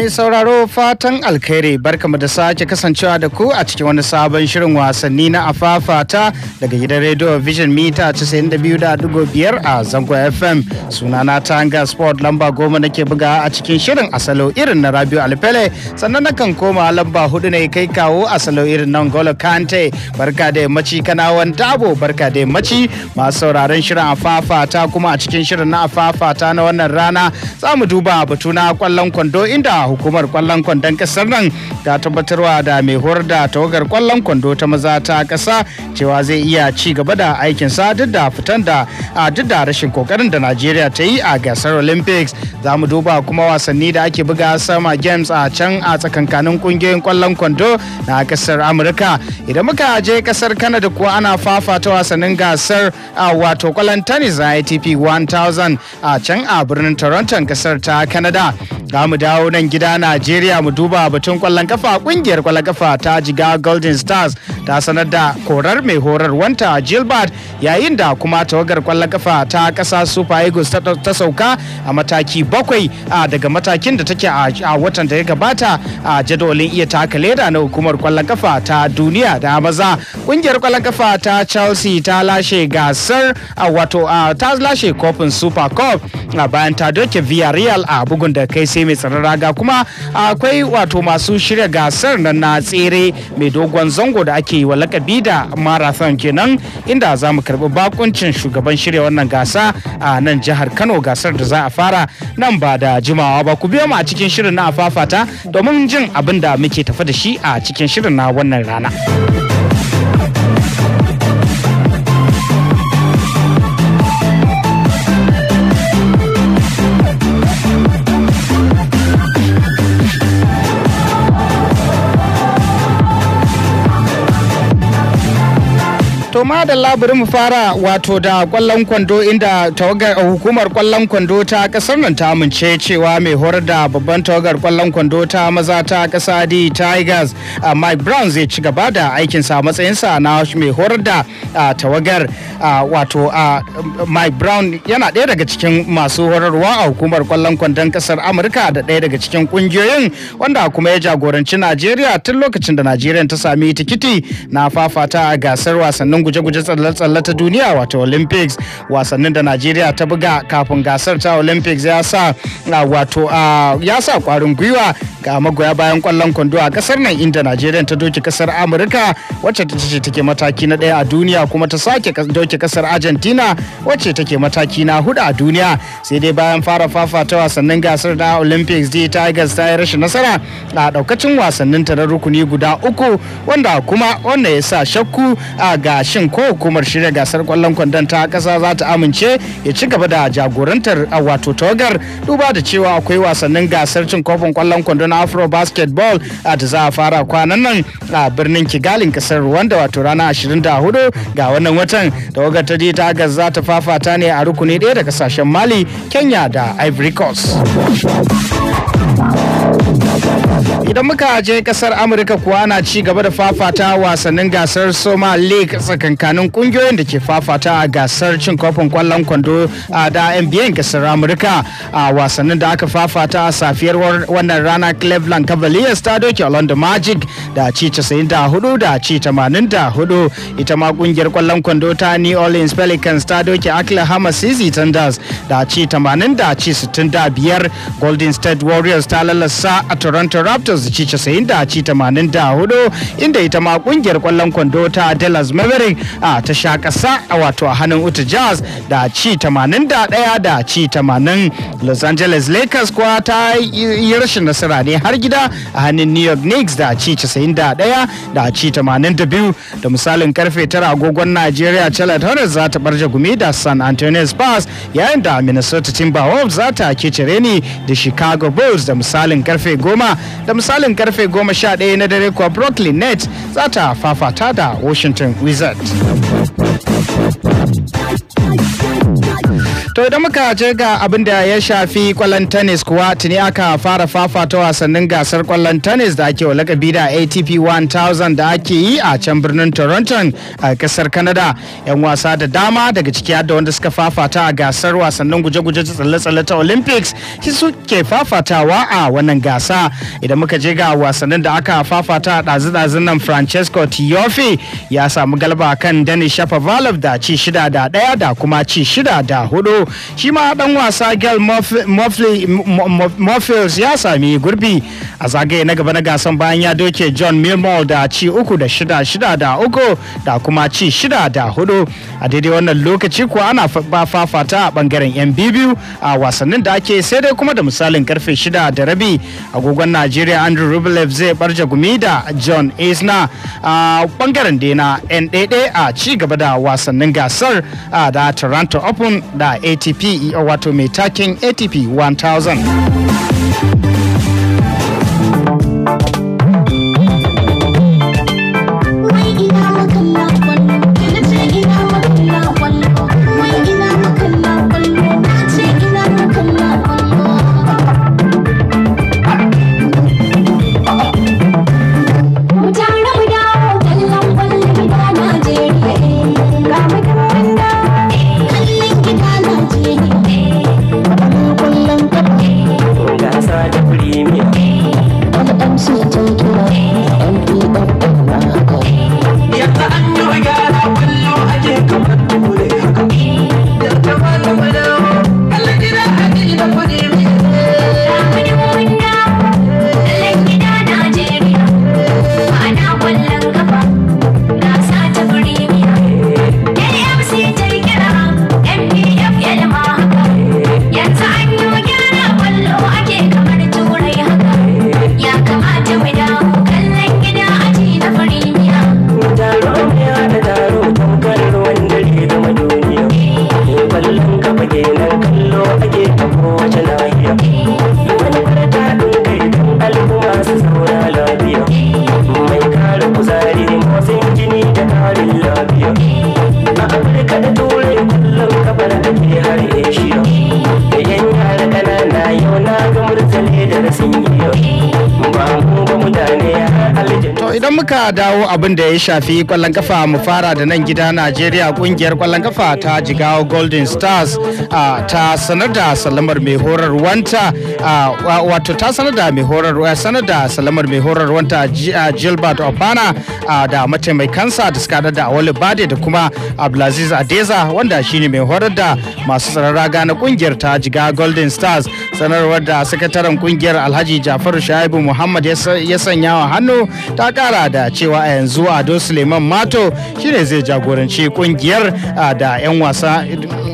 Mai sauraro fatan alkhairi barkamu da sake kasancewa da ku a cikin wani sabon shirin wasanni na afafata daga gidan Radio Vision mita 92.5 a Zango FM. Sunana Tanga Sport lamba goma nake buga a cikin shirin asalo irin na Rabiu Alfele sannan na kan koma lamba hudu ne kai kawo asalo irin nan Golo Kante. Barka da yammaci kanawan dabo barka da mace masu sauraron shirin afafata kuma a cikin shirin na afafata na wannan rana za mu duba batu na kwallon kwando inda hukumar kwallon kwandon kasar nan ta tabbatarwa da mai horar da tawagar kwallon kwando ta maza ta kasa cewa zai iya ci gaba da aikinsa duk da fitan da a duk da rashin kokarin da najeriya ta yi a gasar olympics za mu duba kuma wasanni da ake buga sama games a can a tsakankanin kungiyoyin kwallon kwando na kasar amurka idan muka je kasar canada kuwa ana fafata wasannin gasar a wato kwallon tennis na atp 1000 a can a birnin toronto kasar ta canada za mu dawo nan gida gida Najeriya mu duba batun kwallon kafa kungiyar kwallon kafa ta jiga Golden Stars ta sanar da korar mai horar horarwanta Gilbert yayin da kuma tawagar kwallon kafa ta kasa Super Eagles ta sauka a mataki bakwai daga matakin da take a watan da ya gabata a jadawalin iya taka leda na hukumar kwallon kafa ta duniya da maza kungiyar kwallon kafa ta Chelsea ta lashe gasar wato ta lashe kofin Super Cup bayan ta doke Villarreal a bugun da kai sai mai tsaron raga kuma kuma akwai wato masu shirya gasar nan na tsere mai dogon zango da ake yi wa lakabi da marathon kenan inda za mu karbi bakuncin shugaban shirya wannan gasa a nan jihar kano gasar da za a fara nan ba da jimawa ba ku biyo mu a cikin shirin na afafata domin jin abin da muke tafa da shi a cikin shirin na wannan rana. To ma da laburin mu fara wato da kwallon kwando inda tawagar eh, hukumar kwallon kwando ta kasar nan ta amince cewa mai horar da babban tawagar kwallon kwando ta maza ta kasa di Tigers eh, Mike Brown zai ci gaba da aikinsa matsayinsa na mai horar da eh, tawagar wato Mike Brown yana ɗaya daga cikin masu horarwa a hukumar kwallon kwandon kasar Amurka da ɗaya daga cikin kungiyoyin wanda kuma ya jagoranci Najeriya tun lokacin da Najeriya ta sami tikiti na fafata a gasar wasannin guje-guje tsalle-tsalle ta duniya wato olympics wasannin da najeriya ta buga kafin gasar ta olympics ya sa wato ya sa kwarin gwiwa ga magoya bayan kwallon kwando a kasar nan inda najeriya ta doke kasar amurka wacce ta ce take mataki na ɗaya a duniya kuma ta sake doke kasar argentina wacce take mataki na hudu a duniya sai dai bayan fara fafata wasannin gasar da olympics dai tigers ta yi rashin nasara a daukacin wasannin ta na rukuni guda uku wanda kuma wannan ya sa shakku a gashin shin ko hukumar shirya gasar kwallon kwandon ta kasa za ta amince ya ci gaba da jagorantar a wato togar duba da cewa akwai wasannin gasar cin kofin kwallon kwando na afro basketball da za a fara kwanan nan a birnin kigalin kasar rwanda wato rana da hudu ga wannan watan tawagar ta je ta za ta fafata ne a rukuni ɗaya da kasashen mali kenya da ivory coast idan muka je kasar amurka kuwa na ci gaba da fafata wasannin gasar soma league tsakankanin kungiyoyin da ke fafata a gasar cin kofin kwallon kwando a da nba kasar amurka a wasannin da aka fafata a safiyar wannan rana cleveland cavaliers ta doke orlando magic da ci 94 da ci 84 ita ma kungiyar kwallon kwando ta new orleans pelicans ta doke oklahoma city thunders da ci 80 da ci 65 golden state warriors ta lalasa a toronto raptors da ci 90 da hudu inda ita ma kungiyar kwallon kwando ta Dallas Maverick a ta sha kasa wato a hannun Utah Jazz da ci 81 da ci 80 Los Angeles Lakers kuwa ta yi rashin nasara ne har gida a hannun New York Knicks da ci 91 da ci 82 da misalin karfe tara agogon nigeria Charlotte Hornets za ta barje gumi da San Antonio Spurs yayin da Minnesota Timberwolves za ta kece reni da Chicago Bulls da misalin karfe 10 da misalin misalin karfe 11 na dare kuwa brooklyn nets za ta fafata da washington wizards To idan muka je ga abin da ya shafi kwallon tennis kuwa tuni aka fara fafata wasannin gasar kwallon tennis da ake wa da ATP 1000 da ake yi a can birnin Toronto a kasar Canada. 'Yan wasa da dama daga ciki da wanda suka fafata a gasar wasannin guje-guje tsalle-tsalle ta Olympics suke fafatawa a wannan gasa. Idan muka je ga wasannin da aka fafata a ɗazu ɗazin nan francesco tiofi ya samu galba kan danny shapovalov da ci shida da ɗaya da kuma ci shida da hudu shi ma ɗan wasa gel mofiles ya sami gurbi a zagaye na gaba na gasan bayan ya doke john milmore da ci uku da shida shida da uku da kuma ci shida da hudu a daidai wannan lokaci kuwa ana fafata a bangaren yan biyu a wasannin da ake sai dai kuma da misalin karfe shida da rabi agogon najeriya andrew rublev zai barja gumi da john isna a bangaren dena yan ɗaiɗe a ci gaba da wasannin gasar da toronto open da atp e, wato mai takin atp 1000 muka dawo abin da ya shafi kwallon kafa mu fara da nan gida Najeriya kungiyar kwallon kafa ta Jigawa Golden Stars ta sanar da salamar mai horar wanta a wato ta sanar da mai horarwa sanar da salamar mai horarwanta Gilbert Obana da mataimakansa da suka da Awali Bade da kuma Abdulaziz Adeza wanda shine mai horar da masu tsaron na kungiyar ta jiga Golden Stars sanarwar da sakataren kungiyar Alhaji Jafaru Shaibu Muhammad ya sanya wa hannu ta kara da da cewa a yanzu ado suleiman mato shine zai jagoranci kungiyar da 'yan wasa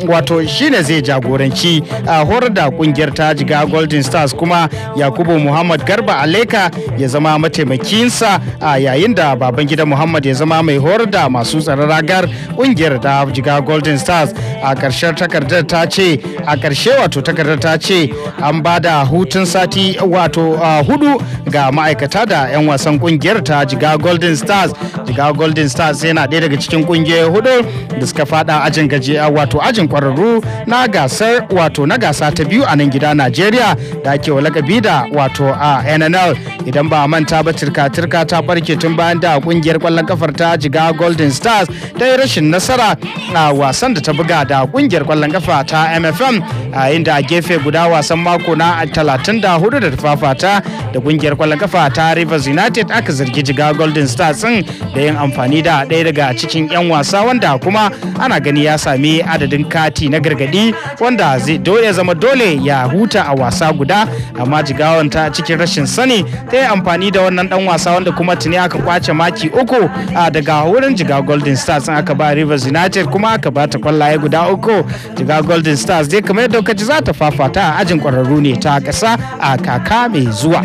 wato shine zai jagoranci a horar da kungiyar ta jiga golden stars kuma yakubu muhammad garba aleka ya zama mataimakinsa a yayin da baban gida muhammad ya zama mai horar da masu tsaron ragar kungiyar ta jiga golden stars a karshen takardar ta ce a ƙarshe wato takardar ta ce an ba da hutun sati wato hudu ga ma'aikata da 'yan wasan kungiyar ta jiga golden stars jiga golden stars yana ɗaya daga cikin kungiyar hudu da suka fada ajin gaji wato ajin kwararru na gasar wato na gasa ta biyu a nan gida Najeriya da ake wa lakabi da wato a NNL idan ba manta ba turka-turka ta barke tun bayan da kungiyar kwallon kafar ta jiga Golden Stars ta yi rashin nasara a wasan da ta buga da kungiyar kwallon kafa ta MFM a inda a gefe guda wasan mako na 34 da fafata da kungiyar kwallon kafa ta Rivers United aka zargi jiga Golden Stars din da yin amfani da ɗaya daga cikin 'yan wasa wanda kuma ana gani ya sami adadin kayan kati na gargadi wanda zai dole zama dole ya huta a wasa guda amma jigawan ta cikin rashin sani ta yi amfani da wannan dan wasa wanda kuma tuni aka kwace maki uku a daga wurin jiga golden stars aka ba rivers united kuma aka ba ta kwallaye guda uku jiga golden stars dai kamar yadda kaji za ta fafata a ajin kwararru ne ta kasa a kaka mai zuwa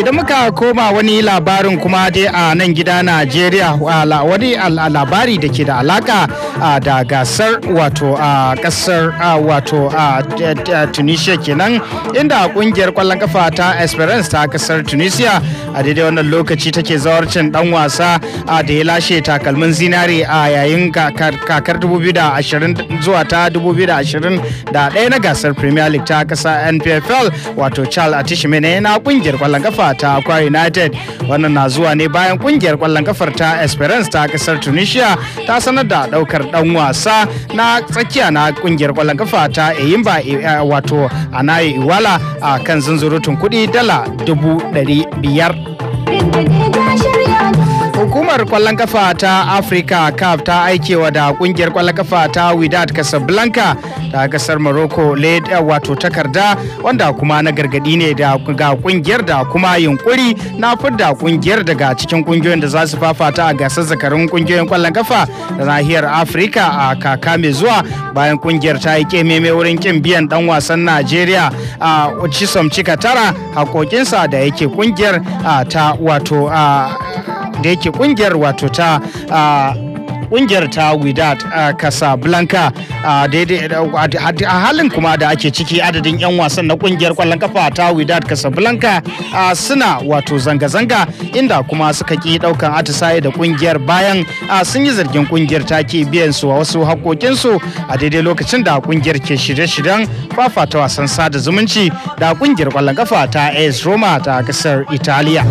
idan muka koma wani labarin kuma dai a nan gida najeriya wani labari da ke da alaka da gasar wato a kasar wato a tunisia kenan inda kungiyar kwallon kafa ta esperance ta kasar tunisia a daidai wannan lokaci take zawarcin dan wasa a da ya lashe takalmin zinare a yayin kakar 2020 zuwa ta 2021 na gasar premier league ta kasa npfl wato charles atishimene na kungiyar kwallon kafa ta akwa united wannan na zuwa ne bayan kungiyar kwallon kafar ta esperance ta kasar tunisia ta sanar da daukar dan wasa wasa na tsakiya na kungiyar kwallon kafa ta eyimba eh, eh, wato anayi iwala a kan zunzurutun kuɗi dala dubu ɗari biyar. Hukumar kwallon kafa ta afrika CAF ta aikewa da kungiyar kwallon kafa ta Wydad Casablanca ta kasar Morocco leda eh, wato takarda wanda kuma na gargadi ne da ga kungiyar da kuma yunkuri na fidda kungiyar daga cikin kungiyoyin da za su fafata a gasar zakarun kungiyoyin kwallon kafa da nahiyar Afirka a kaka mai zuwa bayan kungiyar ta yi kememe wurin kin biyan dan wasan Najeriya a Chisom Chikatara hakokinsa da yake kungiyar ta wato da yake kungiyar wato ta kungiyar ta Widat Casablanca a halin kuma da ake ciki adadin 'yan wasan na kungiyar kwallon kafa ta Widat Casablanca suna wato zanga-zanga inda kuma suka ki daukan atisaye da kungiyar bayan sun yi zargin kungiyar ta ke biyan su a wasu hakokinsu a daidai lokacin da kungiyar ke shirye-shiryen fafata wasan sada zumunci da kungiyar kwallon kafa ta AS Roma ta kasar Italiya.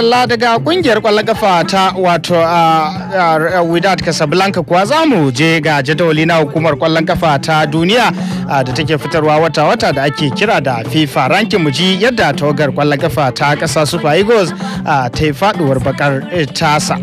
madalla daga kungiyar kwallon kafa ta wato a Wydad Casablanca kuwa za mu je ga jadawali na hukumar kwallon kafa ta duniya da take fitarwa wata-wata da ake kira da FIFA rankin mu yadda tawagar kwallon kafa ta kasa Super Eagles ta yi faduwar bakar eh, tasa.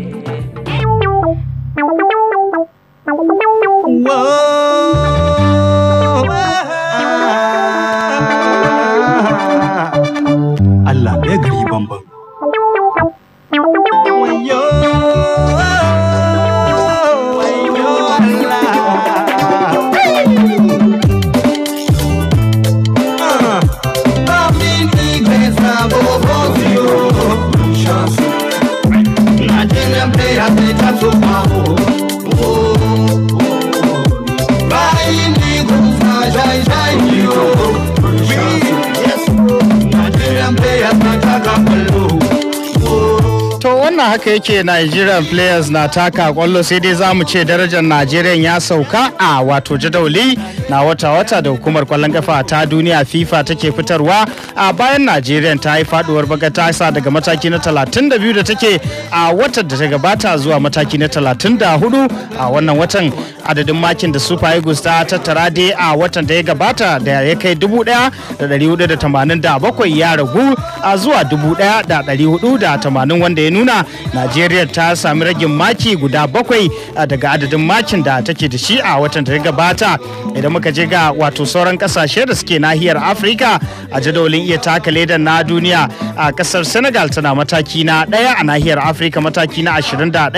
haka yake Nigerian players na taka kwallo sai dai zamu ce darajar Nigerian ya sauka a wato jadawali na wata-wata da hukumar kwallon kafa ta duniya FIFA take fitarwa a bayan Najeriya ta yi faduwar baga ta sa daga mataki na 32 da take a watan da ta gabata zuwa mataki na 34 a wannan watan adadin makin da Super Eagles ta tattara dai a watan da ya gabata da ya kai 1,487 ya ragu a zuwa 1,480 wanda ya nuna Najeriya ta sami ragin maki guda bakwai daga adadin makin da take da shi a watan da ya gabata idan aka je ga wato sauran kasashe da suke nahiyar afirka a jadawalin iya taka ledan na duniya a kasar senegal tana mataki na daya a nahiyar afirka mataki na 21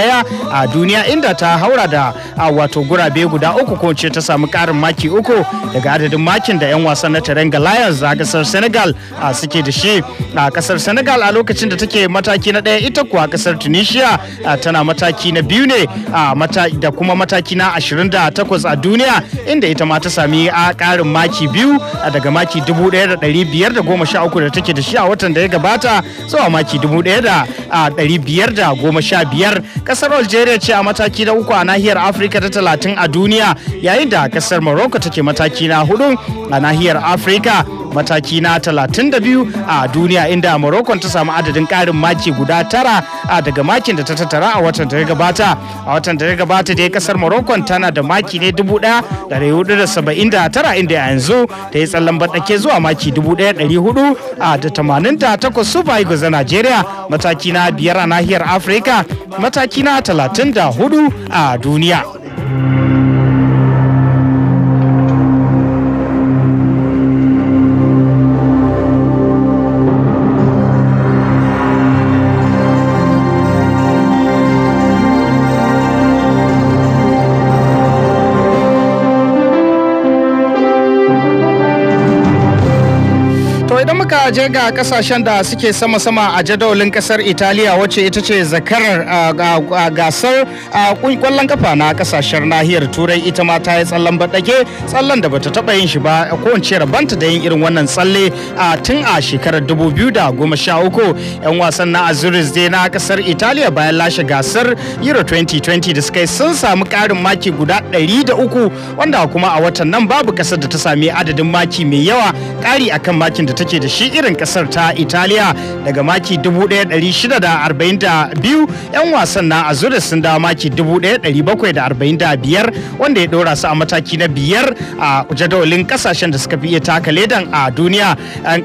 a duniya inda ta haura da a wato gurabe guda uku ko ce ta samu karin maki uku daga adadin makin da 'yan wasan na Teranga Lions a kasar Senegal a suke da shi a kasar Senegal a lokacin da take mataki na ɗaya ita kuwa kasar Tunisia tana mataki na biyu ne da kuma mataki na 28 a duniya inda ita ma ta sami a ƙarin maki biyu daga maki dubu ɗaya da take da shi a watan da ya gabata zuwa maki dubu da da biyar goma sha biyar kasar algeria ce a mataki na uku a nahiyar afirka ta talatin a duniya yayin da kasar morocco take mataki na hudu a nahiyar afirka mataki na 32 a duniya inda Morocco ta samu adadin karin maki guda tara a daga makin da ta tattara a watan da ya gabata a watan da ya gabata dai kasar Morocco tana da maki ne 1479 inda yanzu ta yi tsallan baɗake zuwa maki 1400 a da takwas Super Eagles na Najeriya mataki na biyar a nahiyar Afirka mataki na 34 a duniya. je ga kasashen da suke sama-sama a jadawalin kasar Italiya wacce ita ce zakarar gasar kwallon kafa na kasashen nahiyar Turai ita ma ta yi tsallan baɗake tsallan da bata taɓa yin shi ba kowace rabanta da yin irin wannan tsalle a tun a shekarar dubu biyu 2013 'yan wasan na Azuris dai na kasar Italiya bayan lashe gasar Euro 2020 da suka yi sun samu ƙarin maki guda ɗari da uku wanda kuma a watan nan babu kasar da ta sami adadin maki mai yawa ƙari akan makin da take da shi irin kasar ta Italiya daga maki 1642 'yan wasan na Azure sun da maki 1745 wanda ya dora su a mataki na biyar a jadawalin kasashen da suka fi iya taka ledan a duniya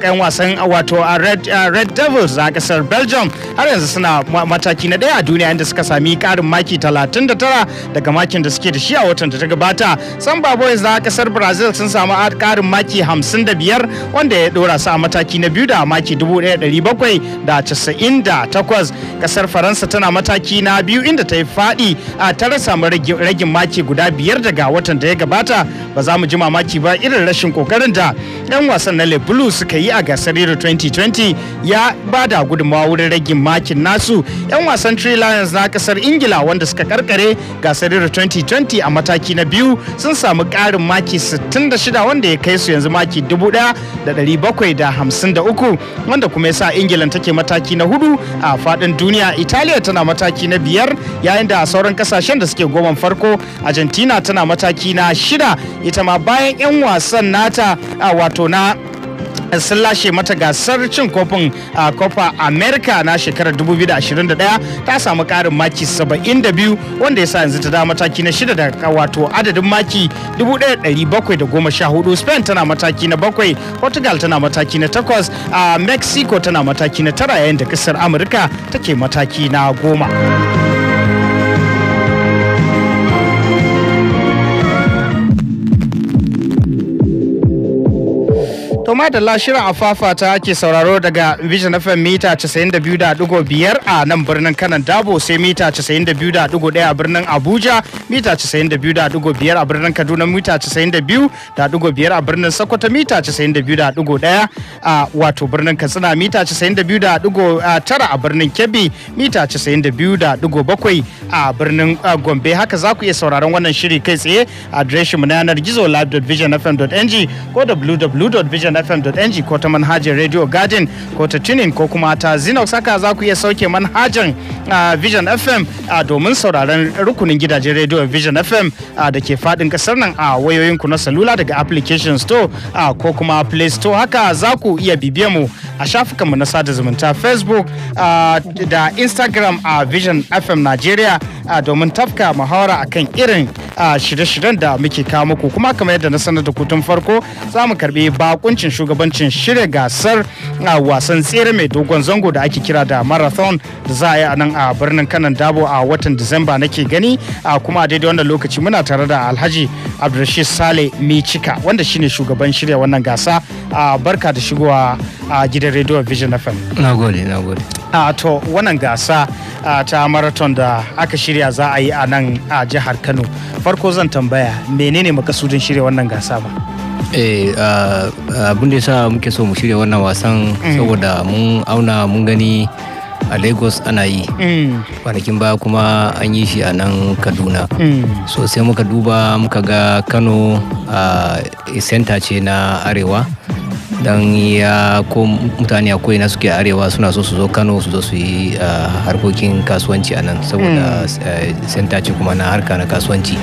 'yan wasan wato a Red Devils a kasar Belgium har yanzu suna mataki na daya a duniya inda suka sami karin maki 39 daga makin da suke da shi a watan da ta gabata san yanzu a kasar Brazil sun samu karin maki 55 wanda ya dora su a mataki na biyu da maki 1798 kasar faransa tana mataki na biyu inda ta yi fadi a ta rasa ragin maki guda biyar daga watan da ya gabata ba za mu ji mamaki ba irin rashin kokarin da 'yan wasan na le suka yi a gasar euro 2020 ya bada gudunmawa wurin ragin makin nasu 'yan wasan tree Lions na kasar Ingila wanda suka karkare gasar Euro 2020 a mataki na biyu sun samu karin maki 66 wanda ya kai su yanzu maki 1,750 63 wanda kuma ya sa Ingila take mataki na hudu a fadin duniya Italiya tana mataki na biyar yayin da sauran kasashen da suke goman farko Argentina tana mataki na shida ita ma bayan 'yan wasan nata wato na sun lashe mata gasar cin kofin kofa america na shekarar 2021 ta samu karin maki 72 wanda ya sa yanzu ta da mataki na shida daga wato adadin maki 1714 spain tana mataki na bakwai portugal tana mataki na takwas mexico tana mataki na tara yayin da kasar amurka take mataki na goma. To da Lashira a fafata ke sauraro daga Vision FM mita 92.5 a nan birnin kanan Dabo sai mita 92.1 a birnin Abuja mita 92.5 a birnin Kaduna mita 92.5 a birnin Sokoto mita 92.1 a wato birnin Katsina mita 92.9 a birnin Kebbi mita 92.7 a birnin Gombe haka za ku iya sauraron wannan shiri kai tsaye adireshin mu na yanar gizo live.visionfm.ng ko www.vision fm.ng ko ta manhajar radio garden ko ta tunin ko kuma ta zinox haka za ku iya sauke manhajar vision fm domin sauraron rukunin gidajen radio vision fm da ke fadin kasar nan a wayoyin ku na salula daga application store ko kuma play store haka za ku iya bibiya mu a shafukanmu na sada zumunta facebook da instagram a vision fm nigeria domin tafka muhawara akan irin a shirye-shiryen da muke kawo muku kuma kamar yadda na sanar da kutun farko za mu karbi bakuncin shugabancin shirya gasar a wasan tsere mai dogon zango da ake kira da marathon da za a yi a nan a birnin kanan dabo a watan disamba nake gani a kuma a daidai wannan lokaci muna tare da alhaji abdulrashid sale micika wanda shine shugaban shirya wannan gasa a barka da shigowa a gidan radio vision fm nagode nagode a to wannan gasa ta marathon da aka shirya za a yi a nan a jihar kano farko zan tambaya menene makasudin shirya wannan gasa ba eh abin da yasa muke so mu shirya wannan wasan mm. saboda mun auna mun gani a lagos ana yi mm. kwanakin baya kuma an yi shi a nan kaduna mm. so sai muka duba muka ga kano a center ce na arewa don ya ko mutane a ko'ina suke arewa suna so su zo kano su zo su yi harkokin kasuwanci a nan saboda hmm. senta eh, ce kuma na harka na kasuwanci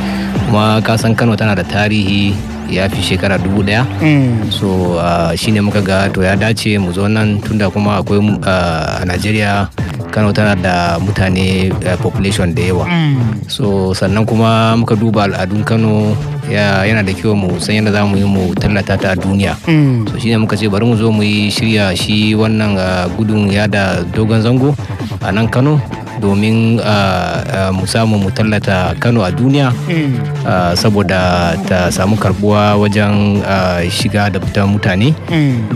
kuma kasan kano tana da tarihi ya fi shekara dubu daya hmm. so shine muka ga to ya dace mu zo nan tunda kuma akwai a najeriya kano tana da mutane eh, population da yawa mm. so sannan kuma muka duba al'adun kano yana da kyau mu san yadda za mu yi mu tallata ta a duniya mm. so shine muka ce bari mu zo mu yi shirya shi wannan ah, gudun yada dogon zango a nan kano domin ah, ah, mu samu mu tallata kano a duniya mm. saboda ta samu karbuwa wajen shiga da fitan mutane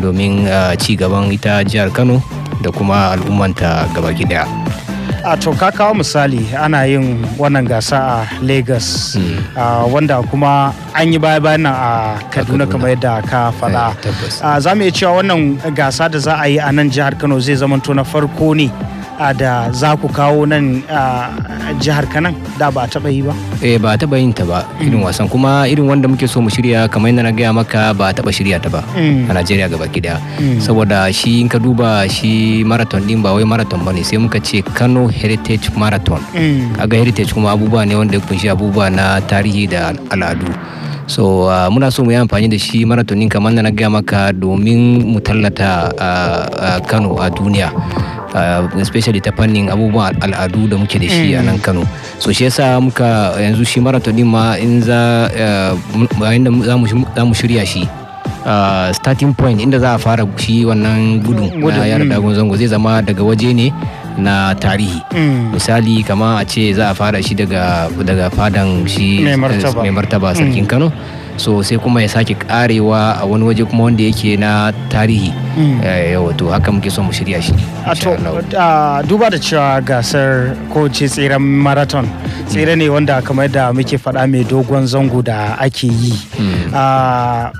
domin ci gaban ita jihar kano da kuma al'ummanta gabaki daya a to ka kawo misali ana yin wannan gasa a lagos hmm. wanda kuma an yi baya bayan a kaduna kamar yadda ka faɗa eh, za mu iya cewa wannan gasa da za a yi a nan jihar kano zai zamanto na farko ne da za ku kawo nan jihar kanan da ba a taɓa yi ba eh ba taɓa yin ta ba irin mm. wasan kuma irin wanda muke so mu shirya kamar yadda na gaya maka ba a taba shirya ta ba mm. a najeriya gaba gida mm. saboda shi in ka duba shi marathon din ba wai marathon ba sai muka ce kano heritage marathon kaga heritage kuma abubuwa ne wanda ya kunshi abubuwa na tarihi da al'adu so uh, muna so mu yi amfani da shi maratonin kamar na gaya maka domin mu tallata uh, uh, kano a duniya Uh, especially ta fannin abubuwan al'adu da muke da shi a mm. nan Kano so shi yasa muka yanzu shi marathon din ma in za bayan uh, da za mu shirya shi Uh, starting point inda za a fara shi wannan gudun na yara mm. dagon zango zai zama daga waje ne na tarihi mm. misali mm. kama a ce za a fara shi daga fadan shi mai martaba eh, sarkin kano so sai kuma ya sake karewa a wani waje kuma wanda yake na tarihi mm. eh, wato haka muke so mu shirya shi duba da cewa gasar ko ce tseren marathon tsere ne wanda kamar da muke faɗa mai dogon zango da ake yi mm. ah,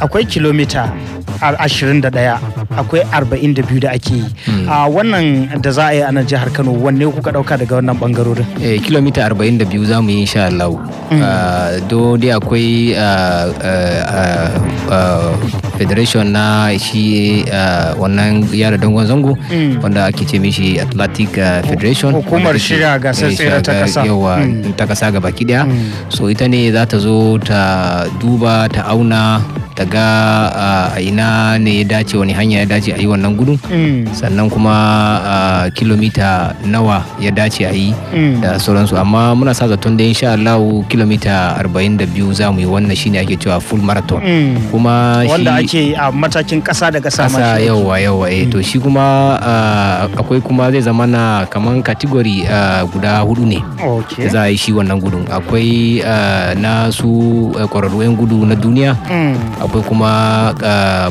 akwai kilomita 21 akwai arba'in da biyu da ake yi hmm. a ah, wannan da za a yi a nan jihar kano wanne kuka dauka daga wannan bangarorin eh kilomita biyu za mu yi insha Allah hmm. ah, do dai akwai ah, federation na shi wannan yara dangon zango hmm. wanda ake ce mishi atlantic federation hukumar shirya gasar tsere ta kasa yawa ta kasa gaba daya so ita ne za ta zo ta duba ta auna ta ga a ina ne ya dace wani hanya ya dace a yi wannan gudun mm. sannan kuma kilomita nawa ya dace a yi mm. da sauransu amma muna sa zaton da insha Allah kilomita 42 za mu yi wannan shine ake cewa full marathon mm. kuma wanda ake a matakin kasa da kasa kasa yawa yawa eh to shi kuma akwai kuma zai zama na kaman category guda hudu ne za a yi shi wannan gudun akwai na su kwararru eh, 'yan gudu na duniya akwai kuma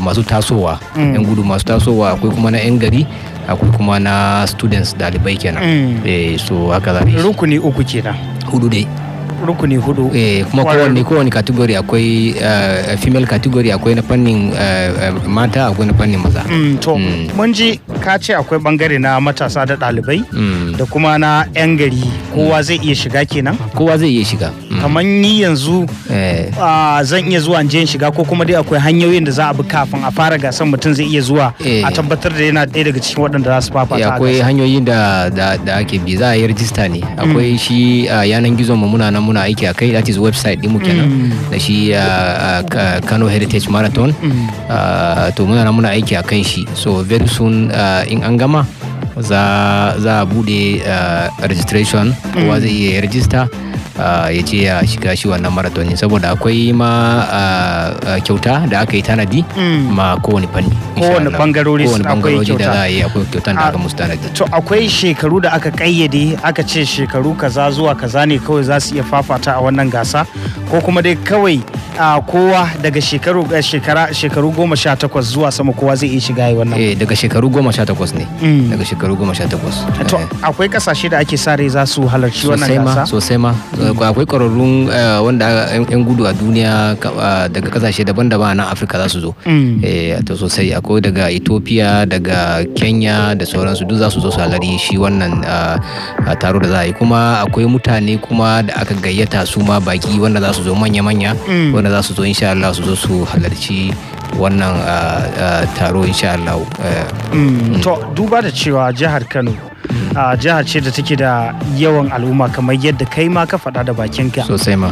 masu tasowa 'yan gudu gudu masu tasowa akwai kuma na 'yan gari akwai kuma na students dalibai kenan mm. eh, so haka za rukuni uku kenan hudu dai rukuni hudu eh kuma kowanne kowanne category akwai uh, female category akwai na fannin uh, mata akwai na fannin maza mm, to mm. mun ji ka ce akwai bangare na matasa da ɗalibai mm. da kuma na 'yan gari kowa mm. zai iya shiga kenan kowa zai iya shiga mm. kamar ni yanzu zan iya zuwa je shiga ko kuma dai akwai hanyoyin da za a bi kafin a fara gasar mutum zai iya zuwa a tabbatar da yana ɗaya daga cikin waɗanda za su fafata akwai hanyoyin da ake bi za a yi rajista ne akwai mm. shi yanan gizon mu muna nan muna aiki a kai that is website ɗinmu kenan mm. da shi uh, uh, Kano Heritage Marathon mm. uh, to muna muna aiki a kan shi so very soon in an gama za a bude registration mm. kowa zai iya rajista. register Ah, ya ce ya shiga shi wannan maratoni saboda akwai ma ah, ah, kyauta da aka yi tanadi mm. ma kowane fanni kowane bangarori kowane bangarori da za a yi akwai kyauta da aka musu tanadi to akwai shekaru da aka kayyade aka ce shekaru kaza zuwa kaza ne kawai za su iya fafata a wannan gasa ko kuma dai kawai kowa daga shekaru eh, shekara shekaru goma sha takwas zuwa sama kowa zai iya shiga yi wannan eh daga shekaru goma sha takwas ne mm. daga shekaru goma sha takwas to eh. akwai kasashe da ake sare za su halarci wannan gasa sosai ma mm. eh, akwai kwararrun wanda yan gudu a duniya daga kasashe daban-daban na Afirka za su zo mm. eh to sosai akwai daga Ethiopia daga Kenya da sauransu duk za su zo su halari shi wannan taro da za a yi kuma akwai mutane kuma da aka gayyata su ma baki wanda za su zo manya-manya wanda za su zo insha Allah su zo su halarci wannan ah, ah, taro insha Allah. Eh, mm, mm. To duba da cewa jihar Kano a jihar ce da take da yawan al'umma kamar yadda kai ma ka faɗa da bakinka sosai ma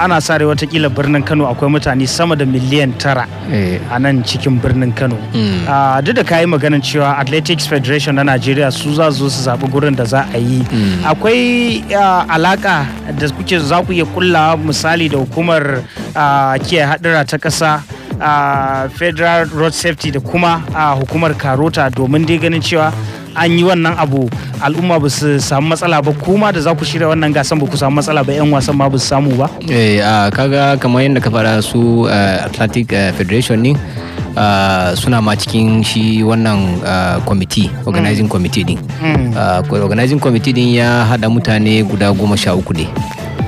ana rai watakila birnin kano akwai mutane sama da miliyan tara eh. a nan cikin birnin kano hmm. duk da kayi maganin cewa athletics federation na najeriya su za su su zaɓi gurin da za a yi hmm. akwai alaka da kuke za ku iya kulla misali da hukumar kiyaye haɗura ta ƙasa a federal road safety da kuma a hukumar karota domin dai ganin cewa an yi wannan abu al'umma ba su samu matsala ba kuma da za ku shirya wannan gasan ba ku samu matsala ba yan wasan ma ba su samu ba eh kaga kamar yadda ka fara su atlantic eh, federation ne Uh, suna ma cikin shi wannan uh, organizing mm. committee din mm. organizing committee din ya hada mutane guda goma sha uku ne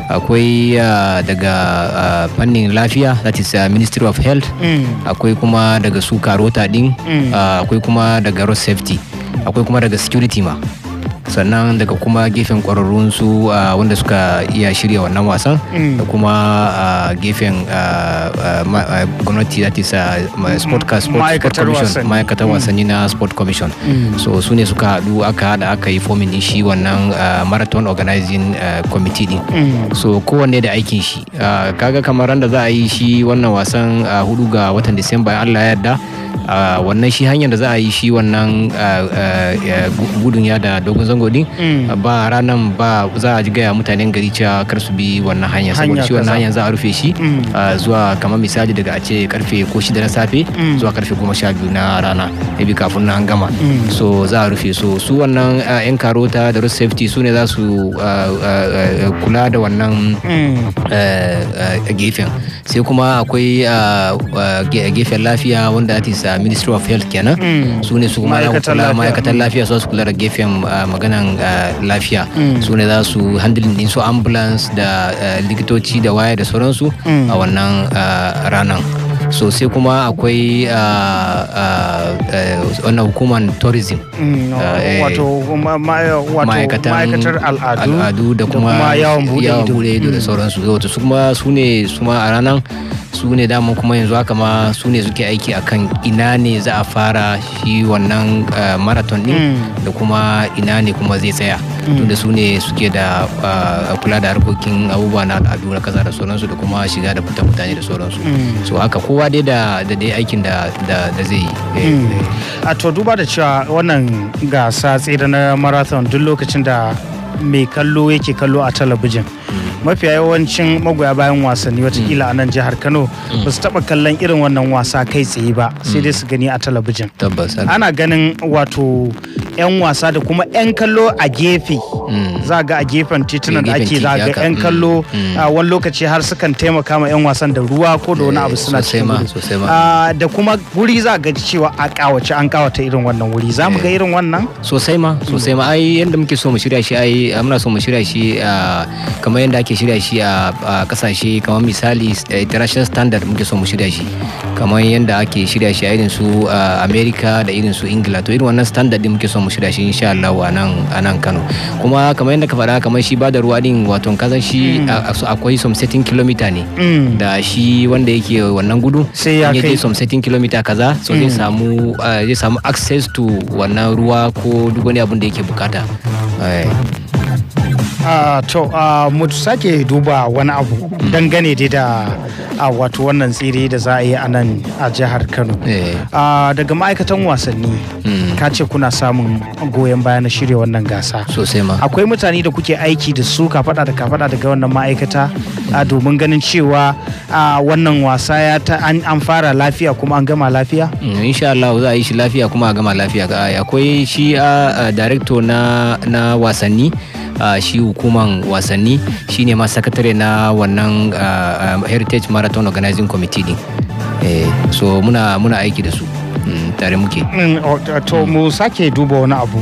akwai uh, daga uh, fannin lafiya that is uh, ministry of health mm. akwai kuma daga su karota din mm. akwai kuma daga road safety akwai kuma daga security ma sannan daga kuma gefen kwararrun su wanda suka iya shirya wannan wasan mm. da kuma gefen gwamnati that is sport commission ma'aikatar mm. wasanni na sport commission mm. so su ne suka haɗu aka haɗa aka yi fomin shi wannan marathon organizing committee din so kowanne da aikin shi kaga kamar da za a yi shi wannan wasan hudu ga watan disamba allah ya yarda wannan shi hanyar da za a yi shi wannan gudun ya da dogon dangodi mm. ba ranan ba za a gaya mutanen gari cewa kar su bi wannan hanya saboda shi wannan hanyar za a rufe shi mm. zuwa kamar misali daga a ce karfe ko shida na safe mm. zuwa karfe goma sha biyu na rana ya bi kafin na gama so za a rufe so su wannan yan karota da road safety su ne za su kula da wannan gefen sai kuma akwai gefen lafiya wanda ake sa ministry of health kenan su ne su kuma kula ma'aikatan lafiya su kula da gefen magana maganan ah, lafiya mm. su ne za su handling din su ambulance da eh, likitoci da waya da sauransu mm. a wannan ah, ranar sai kuma akwai ah, ah, eh, wannan hukumar tourism mm, ah, eh, wato ma'aikatar al'adu da kuma yawon bude ido da mm. sauransu wato su kuma su ne su ma a ranar su ne damar kuma yanzu haka ma su ne suke aiki akan ina ne za a fara shi wannan marathon din mm. da kuma ina ne kuma zai tsaya tunda mm. su ne suke da ah, kula da harkokin abubuwa na al'adu na kasa da sauransu da kuma shiga da fita mutane da sauransu mm. so haka kowa dai da dai aikin da zai yi eh, mm. eh. a to duba da cewa wannan gasa tsere na marathon duk lokacin da mai kallo yake kallo a talabijin mafiya yawancin magoya bayan wasanni watakila a nan jihar kano mm. ba su taba kallon irin wannan wasa kai tsaye ba sai mm. dai su gani a talabijin ana ganin wato 'yan wasa da kuma 'yan kallo a gefe mm. za ga a gefen titunan da ake za ga 'yan kallo a wani lokaci har sukan taimaka ma 'yan wasan da ruwa ko da wani eh, abu suna cikin da kuma wuri za ga cewa a kawace an kawata irin wannan wuri za mu ga eh. irin wannan sosai ma sosai ma ai yadda muke so mu shirya shi ai muna so mu shirya shi kamar kamar yadda ake shirya shi a kasashe kamar misali eh, international standard muke so mu shirya shi kamar yadda ake shirya shi a irin su america da irin su ingila to irin wannan standard din muke so mu shirya shi insha Allah a nan Kano kuma kamar yadda ka faɗa kamar shi bada ruwa din wato ka san shi mm. akwai some setting kilometer ne mm. da shi wanda yake wannan gudu sai ya kai some setting kilometer kaza so zai mm. samu zai samu access to wannan ruwa ko duk wani abin da yake bukata Ah, to ah, mu sake duba wani abu dangane dai da ah, wato wannan tsiri da za a yi a nan a jihar kano eh. daga ma'aikatan wasanni hmm. ka ce kuna samun goyon baya na shirya wannan gasa sosai ma akwai mutane da kuke aiki da su ka faɗa da ka faɗa daga wannan ma'aikata domin ganin cewa wannan wasa ya ta an fara lafiya kuma an gama lafiya hmm, insha Allah za a yi shi lafiya kuma a gama lafiya akwai shi a director na wasanni shi hukuman wasanni shine ma sakatare na wannan heritage marathon organizing committee din eh, so muna muna aiki da su mm, tare muke mm, to mm. mu sake duba wani abu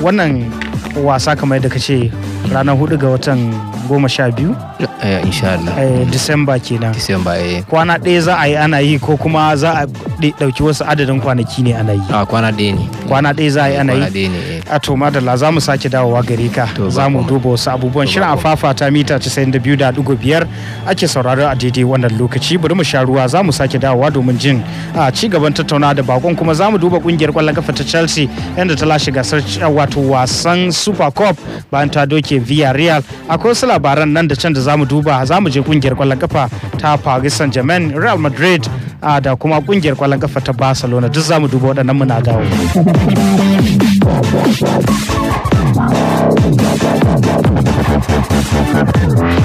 wannan wasa kamar da ka ce ranar hudu ga watan goma sha biyu eh, insha Allah eh, disamba kenan disamba eh kwana ɗaya za a yi ana yi ko kuma za a ɗauki wasu adadin kwanaki ne ana yi a kwana ɗaya ne kwana ɗaya za a yi ana yi eh. a to madalla za mu sake dawowa gare ka za mu duba wasu abubuwan shirin a fafata mita da da biyu biyar ake sauraron a daidai wannan lokaci bari mu sha ruwa za mu sake dawowa domin jin a ci gaban tattauna da bakon kuma za mu duba kungiyar kwallon kafa ta Chelsea yadda ta lashe gasar wato wasan Super Cup bayan ta doke Villarreal akwai labaran nan da can da zamu duba za mu je kungiyar kwallon kafa ta Paris Saint-Germain, Real Madrid ah, da kuma kungiyar kwallon kafa ta Barcelona duk zamu duba waɗannan muna dawo. Thank you.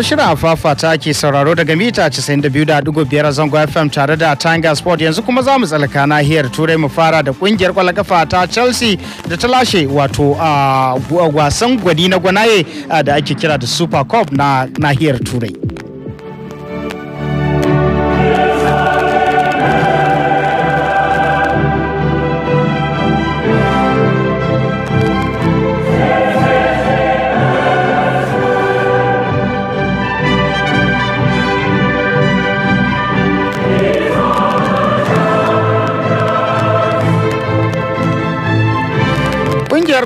a shirin afafa ta ke sauraro daga mita 92.5 zango FM tare da Tanga Sport yanzu kuma za mu tsalaka nahiyar Turai mu fara da kungiyar kwallon kafa ta Chelsea da ta lashe wato a wasan gwani na gwanaye da ake kira da Super Cup na nahiyar Turai.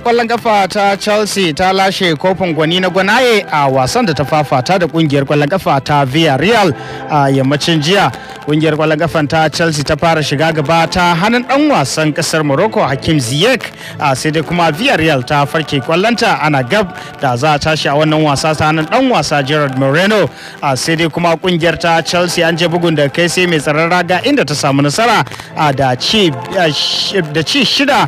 kwallon kafa ta Chelsea ta lashe kofin gwani na gwanaye a wasan da ta fafata da kungiyar kwallon kafa ta Villarreal a yammacin jiya. Kungiyar kwallon kafan ta Chelsea ta fara shiga gaba ta hannun dan wasan kasar Morocco Hakim Ziyech a sai dai kuma Villarreal ta farke kwallonta ana gab da za a tashi a wannan wasa ta hannun dan wasa Gerard Moreno a sai dai kuma kungiyar ta Chelsea an je bugun da kai sai mai tsaron raga inda ta samu nasara da ci shida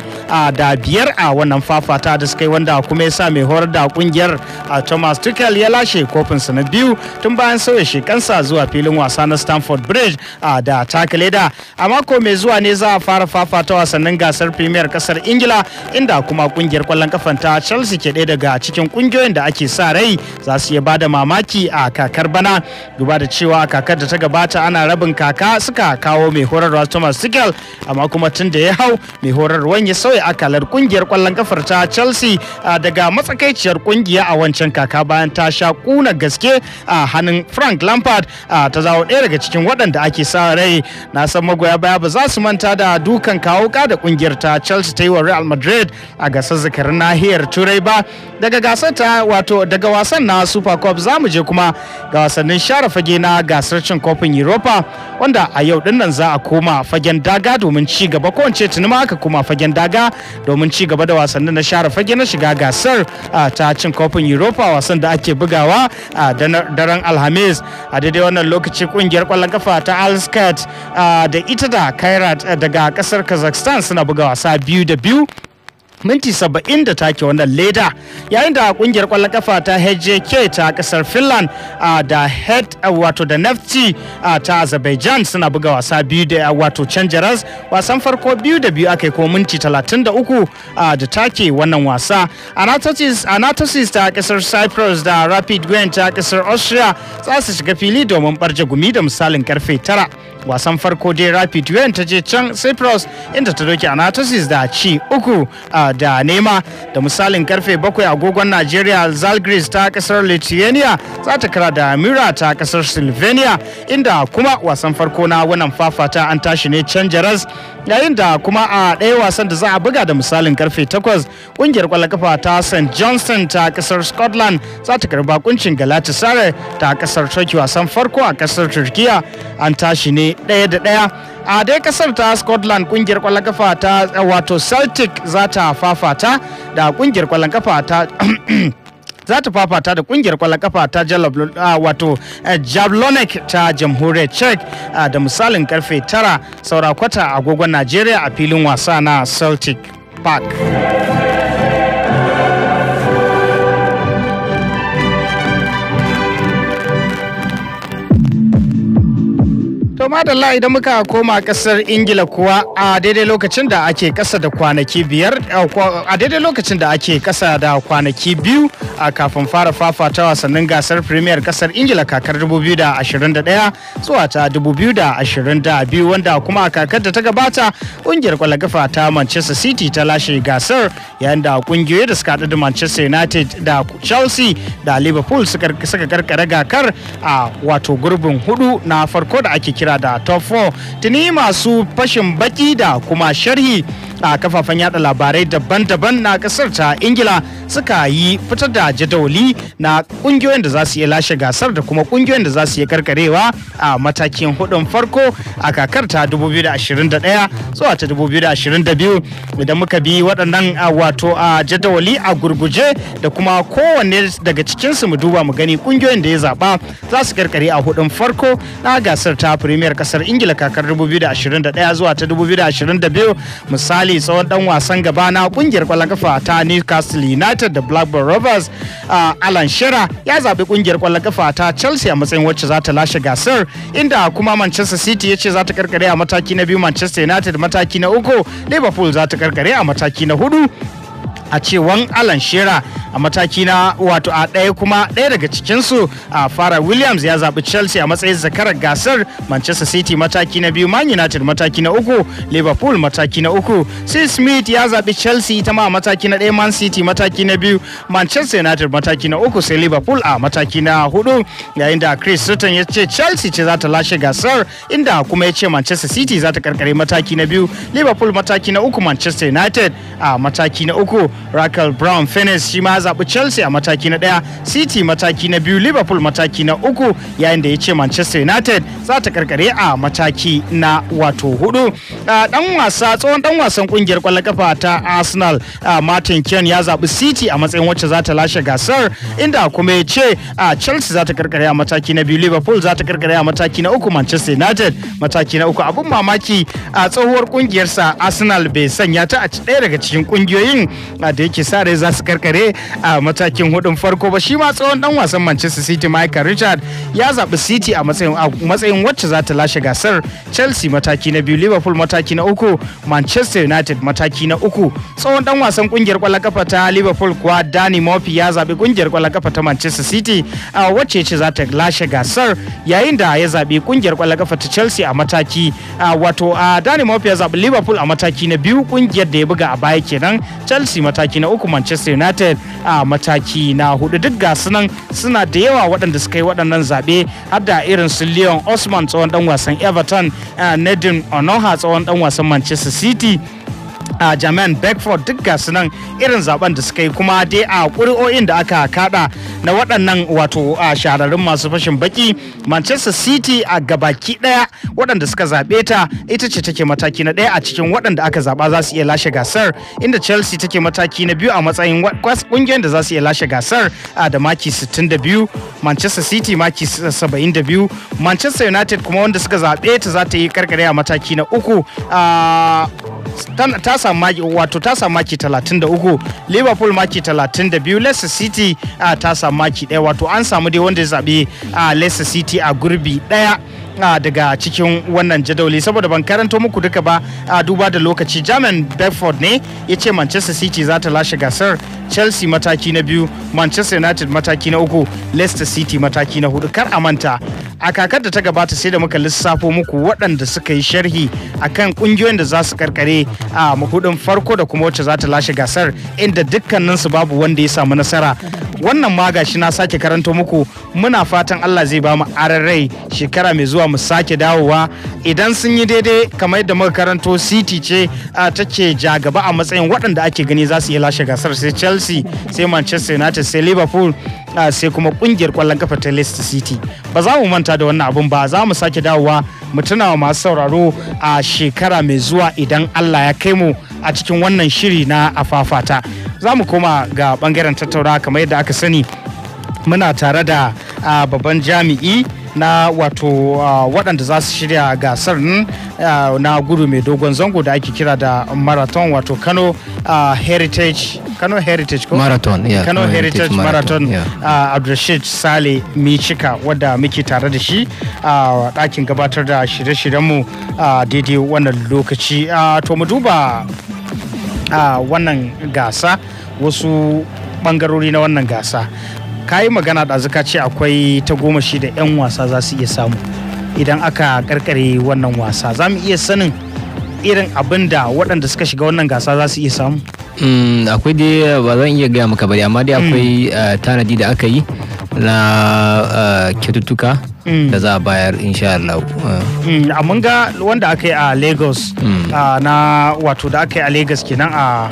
da biyar a wannan fafa Fata da suka yi wanda kuma ya sa mai horar da kungiyar a Thomas Tuchel ya lashe kofinsa na biyu tun bayan sauya shekansa zuwa filin wasa na Stamford Bridge a da taka leda. A mako mai zuwa ne za a fara fafata wasannin gasar Premier kasar Ingila inda kuma kungiyar kwallon kafan ta Chelsea ke ɗaya daga cikin kungiyoyin da ake sa rai za su iya bada mamaki a kakar bana duba da cewa kakar da ta gabata ana rabin kaka suka kawo mai horarwa Thomas Tuchel amma kuma tun da ya hau mai horarwan ya sauya akalar kungiyar kwallon kafar ta da chelsea daga matsakaiciyar kungiya a wancan kaka bayan ta sha kuna gaske a hannun frank lampard ta zawo ɗaya daga cikin waɗanda ake sa rai na san magoya baya ba za su manta da dukan kawo da kungiyar ta chelsea ta yi wa real madrid a gasar zakarin nahiyar turai ba daga gasar ta wato daga wasan na super cup za mu je kuma ga wasannin share fage na gasar cin kofin europa wanda a yau din za a koma fagen daga domin ci gaba ko wance tunuma aka koma fagen daga domin ci gaba da wasannin na share fage na shiga gasar ta cin kofin europa wasan da ake bugawa a daren alhamis a daidai wannan lokaci kungiyar kwallon kafa ta alskat da ita da kairat daga kasar kazakhstan suna buga wasa biyu da biyu minti saba'in da take wannan leda yayin da kungiyar kwallon kafa ta hjk ta kasar finland da head wato da nefti ta azerbaijan suna buga wasa biyu da wato canjaras wasan farko biyu da biyu aka yi ko minti talatin da uku take wannan wasa anatosis ta kasar cyprus da rapid gwen ta kasar austria za su shiga fili domin barje gumi da misalin karfe tara wasan farko dai rapid gwen ta je can cyprus inda ta doke anatosis da ci uku a da nema da misalin karfe bakwai agogon Najeriya Zalgiris ta kasar Lithuania za ta kira da Mira ta kasar Sylvania inda kuma wasan farko na wannan fafata an tashi ne can yayin da kuma a ɗaya wasan da za a buga da misalin karfe takwas kungiyar kwallon ta St Johnson ta kasar Scotland za ta karba kuncin Galatasaray ta kasar Turkey wasan farko a kasar Turkiya an tashi ne ɗaya da ɗaya a dai kasar ta scotland kungiyar kwallon kafa ta wato celtic za ta fafata da kungiyar kwallon kafa ta za ta fafata da kungiyar kwallon kafa ta wato eh, jablonek ta jamhuriyar czech da misalin karfe 9 saura kwata agogon najeriya a filin wasa na celtic park da madalla idan muka koma kasar Ingila kuwa a daidai lokacin da ake kasa da kwanaki biyar a daidai lokacin da ake kasa da kwanaki biyu a kafin fara fafata wasannin gasar Premier kasar Ingila kakar 2021 zuwa ta 2022 wanda kuma a kakar da ta gabata kungiyar kwalagafa ta Manchester City ta lashe gasar yayin da kungiyoyi da suka da Manchester United da Chelsea da Liverpool suka karkare gakar a wato gurbin hudu na farko da ake kira da top 4 tuni masu fashin baki da kuma sharhi a kafafen yada labarai daban-daban na kasar ta ingila suka yi fitar da jadawali na kungiyoyin da za su iya lashe gasar da kuma kungiyoyin da za su iya karkarewa a matakin hudun farko a kakar ta 2021 zuwa ta 2022 idan muka bi waɗannan wato a jadawali a gurguje da kuma kowanne daga cikinsu mu duba mu gani kungiyoyin da ya zaba za su karkare a hudun farko na gasar ta premier Premier kasar Ingila kakar 2021 zuwa ta 2022 misali tsawon dan wasan gaba na kungiyar kwallon kafa ta Newcastle United da Blackburn Rovers Alan shira ya zabi kungiyar kwallon kafa ta Chelsea a matsayin wacce za ta lashe gasar inda kuma Manchester City ya ce za ta karkare a mataki na biyu Manchester United mataki na uku Liverpool za ta karkare a mataki na hudu a cewan alan shera a mataki na wato a ɗaya kuma ɗaya daga cikinsu a fara williams ya zaɓi chelsea a matsayin zakarar gasar manchester city mataki na biyu man united mataki na uku liverpool mataki na uku sai smith ya zaɓi chelsea ita ma a mataki na ɗaya man city mataki na biyu manchester united mataki na uku sai liverpool a mataki na hudu yayin da chris sutton ya ce chelsea ce za ta lashe gasar inda kuma ya ce manchester city za ta karkare mataki na biyu liverpool mataki na uku manchester united a mataki na uku Raquel Brown Finis shi ma zaɓi Chelsea a mataki na ɗaya, City mataki na biyu, Liverpool mataki na uku yayin da ya ce Manchester United za ta karkare a mataki na wato hudu. Dan wasa tsohon ɗan wasan kungiyar kwallon kafa ta Arsenal Martin Kyon ya zaɓi City a matsayin wacce za ta lashe gasar inda kuma ya ce Chelsea za ta karkare a mataki na biyu, Liverpool za ta karkare a mataki na uku, Manchester United mataki na uku. Abun mamaki a tsohuwar kungiyarsa Arsenal bai sanya ta a ɗaya daga cikin kungiyoyin waka da yake sa rai za su karkare a matakin hudun farko ba shi ma tsohon dan wasan Manchester City Michael Richard ya zaɓi City a matsayin wacce za ta lashe gasar Chelsea mataki na biyu Liverpool mataki na uku Manchester United mataki na uku tsohon dan wasan kungiyar kwallon kafa ta Liverpool kuwa Danny Murphy ya zaɓi kungiyar kwallon kafa ta Manchester City a wacce ce za ta lashe gasar yayin da ya zaɓi kungiyar kwallon kafa ta Chelsea a mataki wato a Danny Murphy ya zaɓi Liverpool a mataki na biyu kungiyar da ya buga a baya kenan Chelsea mataki mataki na uku manchester united a mataki na hudu duk gasu nan suna da yawa waɗanda suka yi waɗannan zaɓe har da irin su leon osman tsohon dan wasan everton nedim onoha tsohon dan wasan manchester city a jami'an Beckford duk gasu nan irin zaben da suka yi kuma dai a ƙuri'o'in da aka kada na waɗannan wato a shahararrun masu fashin baki Manchester City a gabaki ɗaya waɗanda suka zaɓe ta ita ce take mataki na ɗaya a cikin waɗanda aka zaɓa za su iya lashe gasar inda Chelsea take mataki na biyu a matsayin ƙungiyar da za su iya lashe gasar a da maki 62 Manchester City maki 72 Manchester United kuma wanda suka zaɓe ta za ta yi karkare a mataki na uku a ta samu maki wato ta samu maki 33 liverpool maki 32 leicester city ah, ta samu maki 1 wato an samu dai wanda ya zaɓi ah, leicester city a gurbi daya daga cikin wannan jadawali saboda ban karanto muku duka ba a duba da lokaci german bedford ne ya ce manchester city za ta lashe gasar chelsea mataki na biyu manchester united mataki na uku leicester city mataki na hudu kar a manta a kakar da ta gabata sai da muka lissafo muku waɗanda suka yi sharhi a kan ƙungiyoyin da za su karkare a mahudin farko da kuma wacce za ta lashe gasar inda dukkaninsu babu wanda ya samu nasara wannan ma gashi na sake karanto muku muna fatan Allah zai ba mu ararrai shekara mai zuwa mu sake dawowa idan sun yi daidai kamar yadda muka karanto City ce ta ce ja gaba a matsayin waɗanda ake gani za su iya lashe gasar sai Chelsea sai Manchester United sai Liverpool sai kuma kungiyar kwallon kafa ta Leicester City ba za mu manta da wannan abun ba za mu sake dawowa mu tuna wa masu sauraro a shekara mai zuwa idan Allah ya kai mu a cikin wannan shiri na afafata za mu koma ga bangaren tattaunawa kamar yadda aka sani muna tare da ah, babban jami'i na wato ah, waɗanda za su shirya gasar mm, ah, na gudu mai dogon zango da ake kira da marathon wato kano ah, heritage kano heritage ko marathon yeah, kano heritage, heritage marathon, yeah. abdulrashid sale michika wadda muke tare da shi a ɗakin gabatar da shirye-shiryenmu a daidai wannan lokaci to mu duba a wannan gasa wasu bangarori na wannan gasa ka yi magana da zuka ce akwai ta goma shi da 'yan wasa za su iya samu idan aka karkare wannan wasa za mu iya sanin irin abin da waɗanda suka shiga wannan gasa za su iya samu mm, akwai dai eh, ba zan iya gaya maka bari amma dai mm. akwai eh, tanadi da aka yi na eh, kyaututtuka mm. da za a bayar insha Allah. amma ga wanda aka yi a lagos ah, na wato da aka yi a lagos kenan a ah,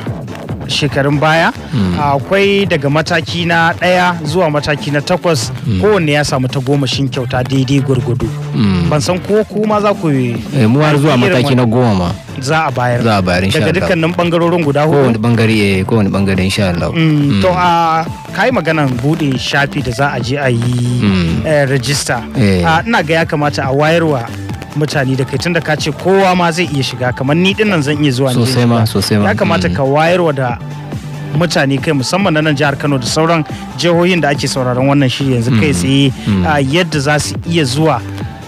shekarun baya hmm. akwai daga mataki na ɗaya zuwa mataki na takwas hmm. kowanne ya samu ta goma shin kyauta daidai gwargwado hmm. ban san ko kuma za ku yi eh, muwar zuwa mataki na goma ma za a bayar za a bayar insha Allah daga dukkanin bangarorin guda hudu kowane bangare eh kowane bangare insha Allah to a kai maganan bude shafi da za a je a yi eh, register eh. ina ga ya kamata a wayarwa mutane da kai tunda ka ce kowa ma zai iya shiga kamar ni dinnan zan iya zuwa sosai ma sosai ma ya kamata ka wayarwa da mutane kai musamman na nan jihar Kano da sauran jihohin da ake sauraron wannan shiri yanzu kai mm-hmm. tsaye mm-hmm. yadda za su iya zuwa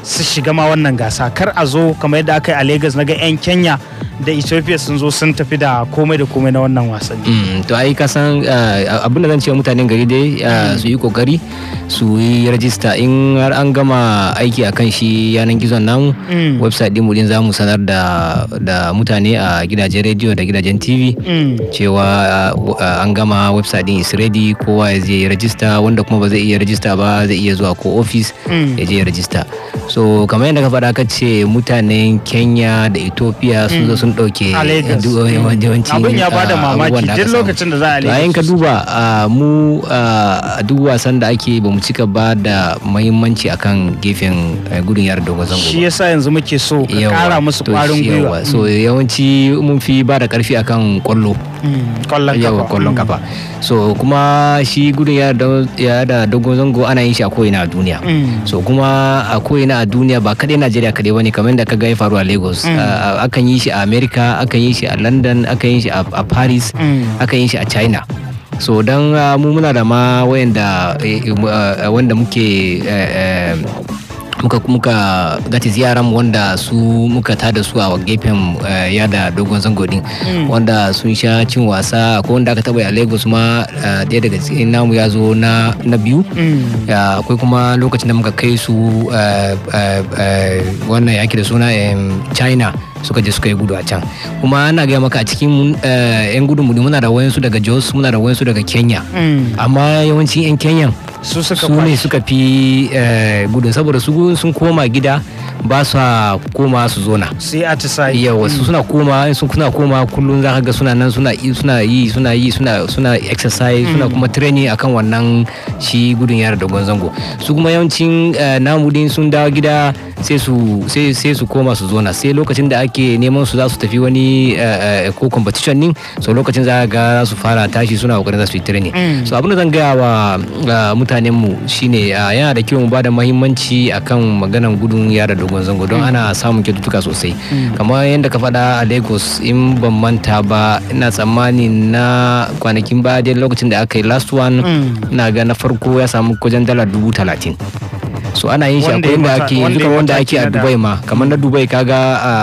su shiga ma wannan gasa kar a zo kamar yadda aka yi a Lagos na ga 'yan Kenya da ethiopia sun zo sun tafi da komai da komai na wannan wasanni mm, to ai ka san uh, abin zan ce mutanen gari dai uh, su yi kokari su yi rajista in har an gama aiki a kan shi yanan gizon namu mm. website din din zamu sanar da da mutane a gidajen rediyo da gidajen tv mm. cewa uh, an gama website din is ready kowa ya je rajista wanda kuma ba zai iya rajista ba zai iya zuwa ko office ya je rajista so kamar yadda ka faɗa ka ce mutanen kenya da ethiopia sun zo sun ɗauke mm. yawanci abin ya bada mamaki duk lokacin da za a yayin ka duba mu duk wasan da ake ba mu cika ba da muhimmanci akan gefen eh, gudun yar dogon zango shi yasa yanzu muke so ka kara musu kwarin gwiwa so mm. yawanci mun fi ba da karfi akan kwallo Mm. kwallon mm. kafa so kuma shi gudun ya da dogon zango ana yin shi a koyina a duniya mm. so kuma a koyina a duniya ba kadai najeriya kadai wani kamar da ka ga ya faru a lagos akan yi shi a america akan yi shi a london akan yi shi a paris akan yi shi a china so don ah, mu muna da ma eh, eh, ah, wanda muke eh, muka muka gati ziyara mu wanda su muka da su a gefen eh, da dogon zango mm. wanda sun sha cin wasa ko wanda aka taba a Lagos ma daya eh, daga cikin namu ya zo na na biyu mm. akwai kuma lokacin da muka kai su eh, wannan yaki da suna China suka je suka yi gudu a can kuma ana gaya maka a cikin yan gudun muna da wayansu daga Jos muna da wayansu daga Kenya mm. amma yawancin yan Kenyan su ne suka fi eh, gudun saboda su sun koma gida ba sa koma su zona sai a ci sai yawa su mm. suna koma in sun kuna koma kullun za ka ga suna nan suna yi suna yi suna yi suna suna exercise suna mm. kuma training akan wannan shi gudun yara dogon zango su kuma yawancin eh, namudin din sun dawo gida sai su sai sai su koma su zona sai lokacin da ake neman su za su tafi wani eh, eh, ko competition din so lokacin za ka ga za su fara tashi suna kokarin za su yi training mm. so abin da zan gaya wa mutanen mu shine yana da kyau mu ba da muhimmanci akan maganan gudun yara da zango don ana samun kyaututtuka sosai mm. kamar yadda ka faɗa a lagos in ban manta ba ina tsammani na kwanakin ba dai lokacin da aka yi last one mm. na ga na farko ya samu kujan dala dubu talatin so ana yin shi akwai wanda ake yanzu wanda ake a dubai ma kamar na dubai kaga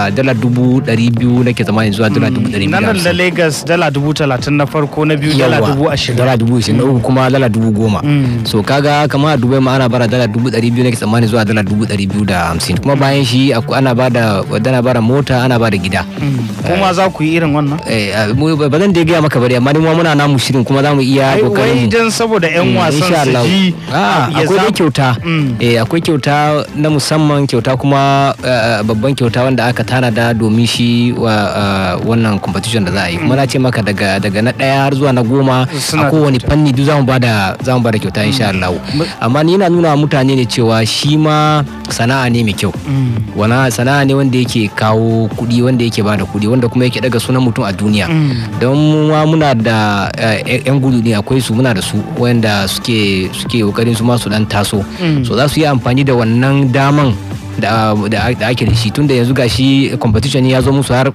a dala dubu ɗari biyu ke zama yanzu a dala dubu ɗari biyu mm, nan da lagos dala dubu talatin na farko na biyu dala dubu ashirin dala dubu ashirin na uku kuma dala dubu goma mm. so kaga kamar a dubai ma ana bara dala dubu ɗari biyu na zama tsammani zuwa dala dubu ɗari biyu da hamsin kuma bayan shi ana bada wadana bara mota ana bada gida mm. kuma eh. za ku yi irin wannan eh, ba zan da gaya maka bari amma ni muna mu shirin kuma za mu iya kokarin wai dan saboda yan wasan su ji ah, akwai kyauta eh Eh, akwai kyauta na musamman kyauta kuma eh, babban kyauta wanda aka tanada domin shi eh, wannan competition da za a yi kuma na ce maka daga daga na ɗaya har zuwa na goma a kowane fanni duk zamu bada zamu bada kyauta insha mm. Allah amma ni yana nuna mutane ne cewa shi ma sana'a ne mai kyau mm. wani sana'a ne wanda yake kawo kuɗi wanda yake bada kuɗi wanda kuma yake daga sunan mutum a duniya mm. don ma muna da yan gudu ne akwai su muna da su wanda suke suke kokarin su ma su dan taso so za su amfani da wannan daman da ake da shi da yanzu shi competition ya zo musu har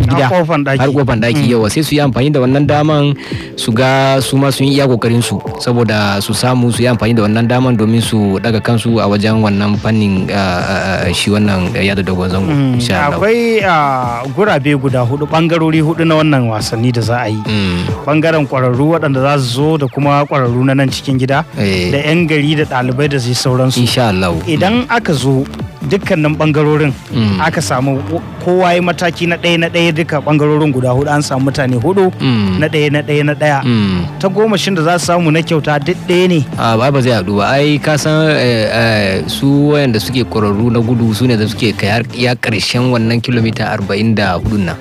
gida har kofan daki mm. yawa sai su yi amfani da wannan daman su ga su ma sun yi iya kokarin su saboda su samu su yi amfani da wannan daman domin su daga kansu a wajen wannan fannin shi wannan da dogon zango mm. akwai gurabe guda hudu bangarori hudu na wannan wasanni da za a yi bangaren mm. kwararru waɗanda za su zo da kuma kwararru na nan cikin gida eh. da 'yan gari da ɗalibai da zai sauransu insha Allah idan aka zo dukkanin bangarorin mm. aka samu kowa ya mataki na ɗaya na ɗaya duka bangarorin guda hudu an samu mutane hudu mm. na ɗaya na ɗaya na ɗaya mm. ta goma shin da za su samu na kyauta duk ɗaya ne a ba ba zai haɗu ba ai ka san eh, eh, su wayanda suke kwararru na gudu su ne da suke kai har ya ƙarshen wannan kilomita arba'in da hudun nan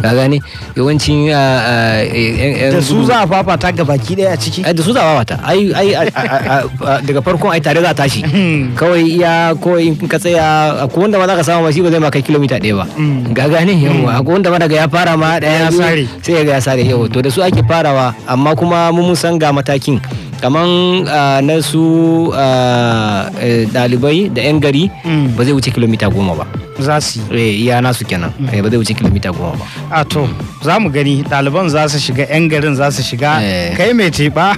ka gane yawancin ah, ah, eh, da su za a fafata ga baki ɗaya a ciki da su za a fafata ai daga farkon ai tare za a tashi hmm. kawai iya kawai in ka tsaya ya ko wanda ma za ka samu ba shi ba zai ma kai kilomita ɗaya ba ga mm. gane mm. yawa ko wanda ma daga ya fara ma ɗaya sai ya ga ya sare yawa to da su ake farawa amma kuma mun san ga matakin kaman ah, na su ah, eh, ɗalibai da 'yan gari mm. ba zai wuce kilomita goma ba za su yi eh, iya nasu kenan mm. eh, ba zai wuce kilomita goma ba a to za mu gani ɗaliban za su shiga yan garin za su shiga eh. kai mai teba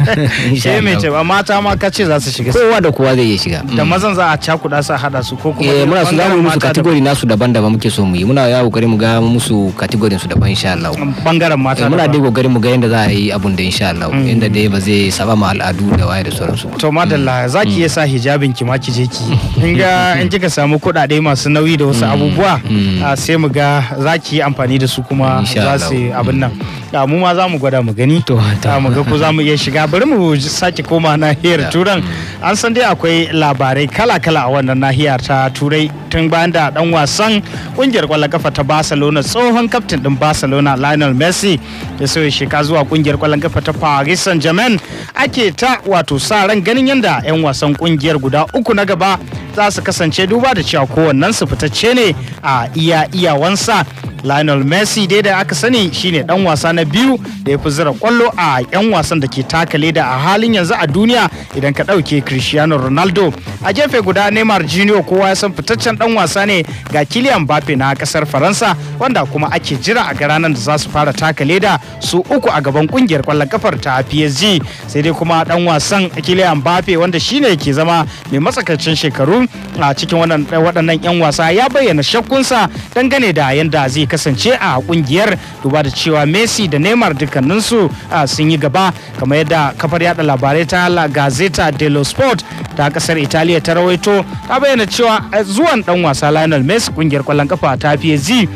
shi mai teba mata ma ka ce za su shiga kowa da kowa zai iya shiga da mm. mazan za a cakuɗa su a haɗa su ko kuma muna su zamu musu kategori nasu daban-daban muke so mu yi muna yawo kokari mu ga musu kategorin su daban insha Allah bangaren mm, mata muna dai gogari mu ga yanda za a yi abun da insha Allah yadda dai ba zai saba ma al'adu da waye da sauransu to madalla zaki yasa hijabin ki ma ki je ki in ga in kika samu kuɗaɗe masu nauyi da wasu mm. abubuwa mm. Ah, sai mu ga za ki yi amfani da su kuma za su abin nan mm. ah, mu ma za mu gwada mu gani ah, mu ga ko za mu iya shiga bari mu sake koma nahiyar turan an san dai akwai labarai kala-kala a wannan nahiyar ta turai tun bayan da dan wasan kungiyar kwallon kafa ta barcelona tsohon kaftin din barcelona lionel messi ya sauya sheka zuwa kungiyar kwallon kafa ta paris saint germain ake ta wato sa ran ganin yadda 'yan wasan kungiyar guda uku na gaba za su kasance duba da cewa kowannen su fitacce ne a iya iyawansa Lionel Messi dai da aka sani shine dan wasa na biyu da ya fi zira kwallo a 'yan wasan da ke taka leda a halin yanzu a duniya idan ka dauke Cristiano Ronaldo. A jefe guda Neymar Junior kowa ya san fitaccen dan wasa ne ga Kylian Mbappe na kasar Faransa wanda kuma ake jira a ranar da za su fara taka leda su uku a gaban kungiyar kwallon kafar ta PSG sai dai kuma dan wasan Kylian Mbappe wanda shine ke zama mai matsakaicin shekaru a cikin eh, waɗannan 'yan wasa ya bayyana shakkunsa dangane da yadda zai kasance a kungiyar duba da cewa messi da neymar dukkaninsu sun yi gaba kamar yadda kafar yada labarai ta la gazeta dello sport ta kasar italiya ta rawaito ta bayyana cewa eh, zuwan dan wasa lionel messi kungiyar kwallon kafa ta psg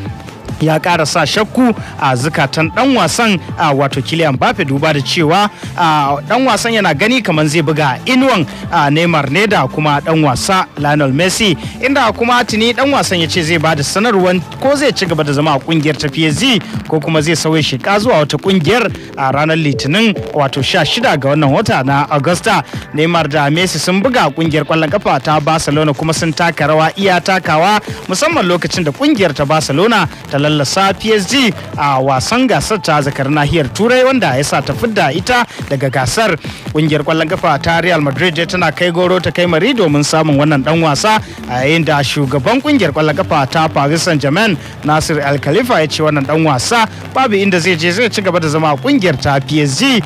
ya ƙara sa shakku a zukatan dan wasan a wato kiliyan bafe duba da cewa dan wasan yana gani kamar zai buga inuwan Neymar ne da kuma dan wasa Lionel Messi inda kuma tuni dan wasan ya ce zai bada sanarwar ko zai ci gaba da zama a kungiyar ta PSG ko kuma zai sauya shika zuwa wata kungiyar a ranar Litinin wato shida ga wannan wata na Agusta Neymar da Messi sun buga ƙungiyar kwallon kafa ta Barcelona kuma sun taka rawa iya takawa musamman lokacin da ƙungiyar ta Barcelona ta lallasa PSG a wasan gasar ta zakar nahiyar Turai wanda ya sa ta fidda ita daga gasar. Kungiyar kwallon kafa ta Real Madrid tana kai goro ta kai mari domin samun wannan dan wasa a yayin da shugaban kungiyar kwallon kafa ta Paris Saint-Germain Nasir Al Khalifa ya ce wannan dan wasa babu inda zai je zai ci gaba da zama kungiyar ta PSG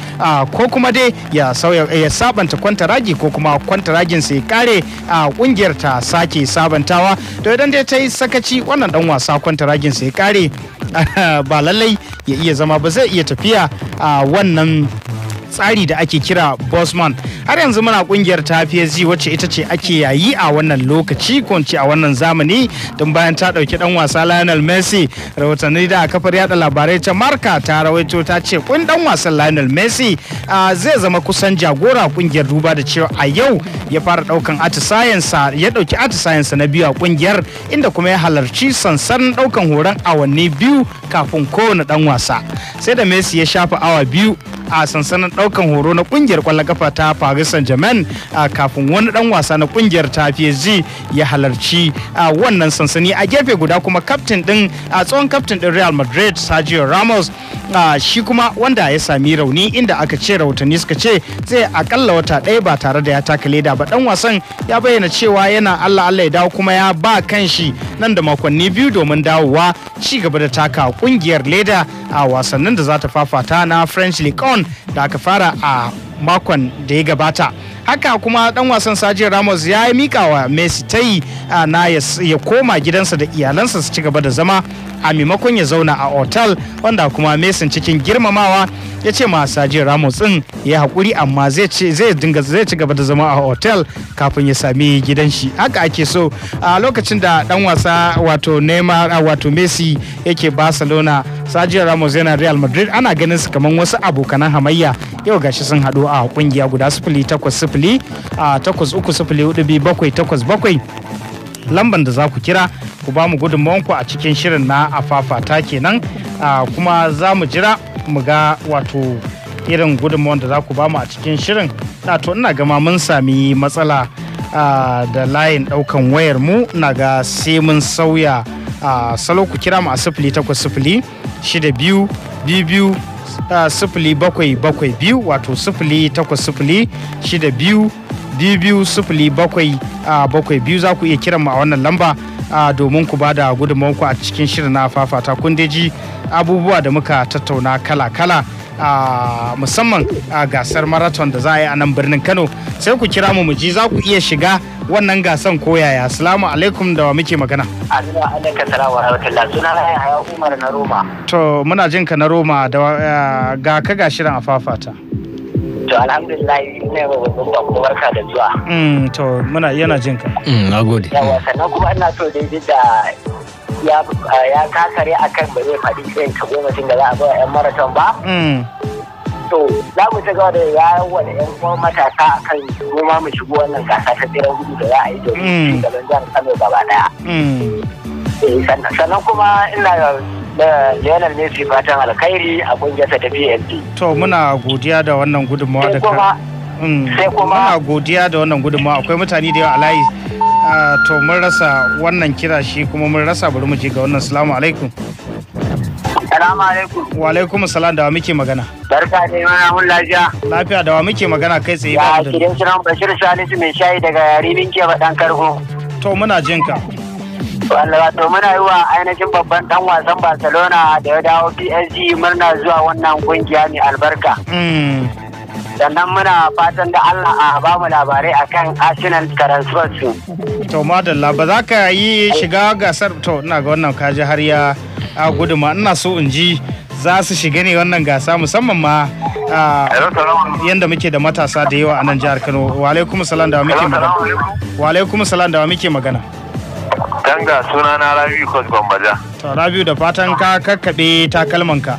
ko kuma dai ya sauya ya sabanta kwantaragi ko kuma ragin sai kare a kungiyar ta sake sabantawa to idan dai ta yi sakaci wannan dan wasa ragin sai kare ba lallai ya iya zama ba zai iya tafiya a wannan tsari da ake kira bosman har yanzu muna kungiyar ta psg wacce ita ce ake yayi a wannan lokaci ko a wannan zamani don bayan ta dauki dan wasa lionel messi rahotanni da kafar yada labarai ta marka ta rawaito ta ce kun dan wasan lionel messi zai zama kusan jagora kungiyar duba da cewa a yau ya fara daukan atisayensa ya dauki atisayensa na biyu a kungiyar inda kuma ya halarci sansan daukan horon awanni biyu kafin kowane dan wasa sai da messi ya shafa awa biyu a sansanin daukan horo na kungiyar kwallon kafa ta Paris Saint-Germain kafin wani dan wasa na kungiyar ta PSG ya halarci a wannan sansani a gefe guda kuma kaftin din a tsohon kaftin din Real Madrid Sergio Ramos shi kuma wanda ya sami rauni inda aka ce rahotanni suka ce zai akalla wata ɗaya ba tare da ya taka leda ba dan wasan ya bayyana cewa yana Allah Allah ya dawo kuma ya ba kan shi nan da makonni biyu domin dawowa ci gaba da taka kungiyar leda a wasannin da za ta fafata na French League da aka fara a makon da ya gabata haka kuma dan wasan Sajin Ramos ya yi mikawa Messi ta yi na ya koma gidansa da iyalansa su ci gaba da zama a maimakon ya zauna a otal wanda kuma Messi cikin girmamawa ya ce ma Sajin Ramos din ya hakuri amma zai dinga zai ci gaba da zama a otal kafin ya sami gidan shi haka ake so a lokacin da dan wasa wato Neymar wato Messi yake Barcelona Sajin Ramos yana Real Madrid ana ganin su kamar wasu abokanan hamayya yau gashi sun hadu a kungiya guda sifili takwas sifili a takwas uku sifili hudu biyu bakwai takwas bakwai lamban da za ku kira ku ba mu ku a cikin shirin na afafata kenan kuma za mu jira mu ga wato irin gudunmawan da za ku bamu a cikin shirin to ina gama mun sami matsala da layin daukan wayar mu na ga sai mun sauya salo ku kira mu a sifili takwas sifili shida biyu biyu biyu sifili bakwai bakwai biyu wato sufuli takwas sufuli shida biyu biyu biyu sufuli bakwai bakwai biyu za ku iya kiran mu a wannan lamba domin ku bada gudunmawanku a cikin shirin na fafata kundeji abubuwa da muka tattauna kala-kala musamman a gasar marathon da za a yi a nan birnin kano sai ku kira mu ji za ku iya shiga wannan gasan koyaya yaya alaikum da wa muke magana to muna jin ka na Roma da eh, ga ka ga shirin a fafata to alhamdulillah ne ba bako barka da zuwa mm, to muna yana jin ka mm, Na gode. yawa sannan kuma ina so daidai da ya kakare akan ba zai faɗi irin ta goma da za a zo a yan maraton ba mm. to za mu ci gaba da yaran wani yan kuma matasa a kan noma mu shigo wannan gasa ta tseren gudu da za a yi domin mm. gaban jihar Kano gaba daya. Mm. Eh, sannan kuma ina da Lionel Messi fatan alkhairi a kungiyarsa ta PNP. To muna godiya da wannan gudunmawa da ka. Mm. Sai kuma muna godiya da wannan gudunmawa akwai mutane da yawa alayi. Ah, to mun rasa wannan kira shi kuma mun rasa bari mu je ga wannan salamu alaikum. Salamu alaikum. Wa alaikum salam da wa muke magana. Barka ne mana mun lafiya. Lafiya da wa muke magana kai tsaye ba da. Ya kiran Bashir Salisu mai shayi daga Ribin ke dan karho. To muna jin ka. to muna yi wa ainihin babban dan wasan Barcelona da ya dawo PSG murna zuwa wannan kungiya mai albarka. Mm. Sannan muna fatan da Allah a ba mu labarai akan Arsenal transfer To madalla ba za ka yi shiga gasar to ina ga wannan kaji har ya a guduma ina so in ji za su shiga ne wannan gasa musamman ma yadda muke da matasa da yawa a nan jihar Kano wa alaikum salam da muke magana wa alaikum salam da muke magana Danga suna na Rabiu Kos Gwambaja. To Rabiu da fatan ka kakkaɓe takalmanka.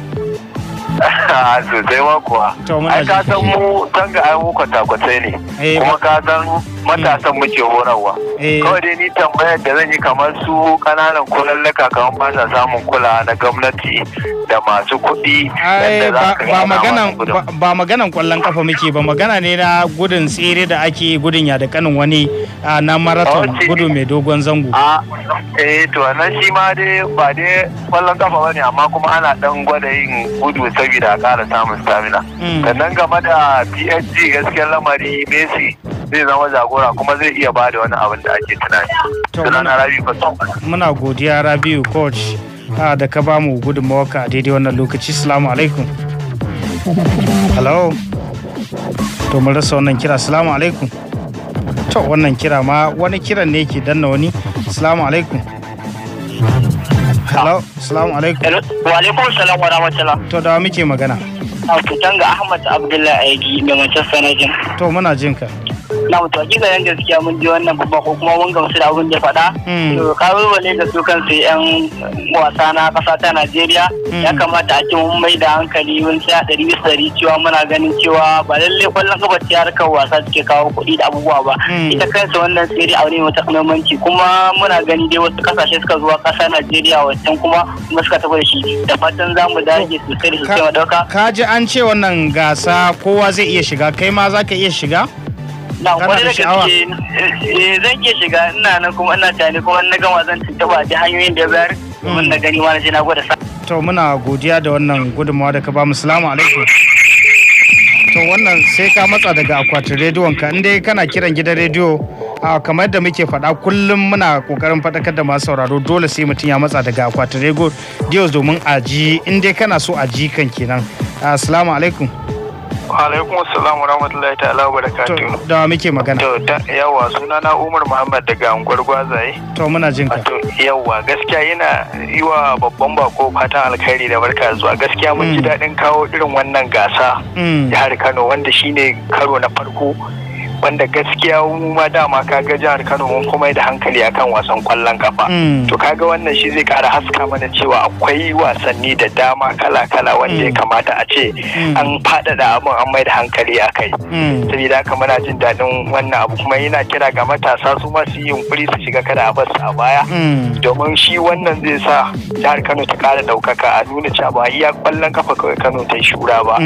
Sosai ma kuwa. Ai ka san mu tanga ai mu kwatakwasai ne. Eh, Kuma ka san matasan muke horarwa eh. kawai dai ni tambaya da zan yi kamar su kananan kulallaka kamar ba sa samun kula na gwamnati da masu kuɗi ba maganan kwallon kafa muke ba magana ne na gudun tsere da ake gudun ya da kanin wani na marathon gudu mai dogon zango eh to na shi ma dai ba dai kwallon kafa ba ne amma kuma ana dan gwada yin gudu saboda a ƙara samun stamina mm. sannan game da psg gaskiyar lamari messi zai zama jagora kuma zai iya ba da wani abin da ake tunani. Sunana Rabi Fason. Muna godiya Rabi coach da ka ba mu gudunmawarka a daidai wannan lokaci. Salamu alaikum. Hello. To mun rasa wannan kira. Salamu alaikum. To wannan kira ma wani kiran ne ke danna wani. Salamu alaikum. Hello. Salamu alaikum. Wa alaikum salam wa rahmatullah. To da muke magana. Fitan ga Ahmad Abdullahi Aiki da Manchester United. To muna jinka. na mutu hakika yan gaskiya mun ji wannan babba ko kuma mun gamsu da abin da faɗa hmm. to kalubale da su kansu yan wasa na ƙasa ta Najeriya hmm. ya kamata a ce mun mai da hankali mun tsaya ɗari bisa ɗari cewa muna ganin cewa ba lallai kwallon kafa ce harkar wasa suke kawo kuɗi da abubuwa ba hmm. ita kansa wannan tsere abu ne wata muhimmanci kuma muna gani dai wasu ƙasashe suka zuwa ƙasar Najeriya wancan kuma kuma suka tafi da shi da fatan za mu dage sosai da sosai ma dauka ka ji an ce wannan gasa kowa zai iya shiga kai ma za ka iya shiga na kwarai da gaske eh, zan iya shiga ina nan kuma ina tare kuma na gama zan tuntuɓa ji hanyoyin da bayar domin na mm. gani ma na je na gwada sa. to muna godiya da wannan gudunmawa da ka ba mu salamu alaikum. to wannan sai ka matsa daga akwatin rediyon ka inda kana kiran gidan rediyo a kamar da muke faɗa kullum muna ƙoƙarin faɗakar da masu sauraro dole sai mutum ya matsa daga akwatin rediyo domin a ji inda kana so a ji kan kenan assalamu alaikum alaikum assalam wa rahmatullahi ta'ala wa barakatuhu da muke magana to yawa suna na Umar Muhammad daga unguwar Gwazaye to muna jin ka to yawa gaskiya yana yi wa babban bako fatan alkhairi da barka zuwa gaskiya mun ji mm. daɗin kawo irin wannan gasa mm. jihar Kano wanda shine karo na farko wanda gaskiya mu ma dama kaga jihar Kano mun kuma da hankali akan wasan kwallon kafa mm. to kaga wannan shi zai kara haska mana cewa akwai wasanni da dama kala-kala wanda ya mm. kamata a ce mm. an faɗaɗa abin an mai da hankali a kai saboda haka muna jin daɗin wannan abu kuma yana kira ga matasa su ma su yi yunkuri su shiga kada a basu a baya domin shi wannan zai sa jihar Kano ta kara ɗaukaka a nuna cewa ba iya kwallon kafa kawai Kano ta yi shura ba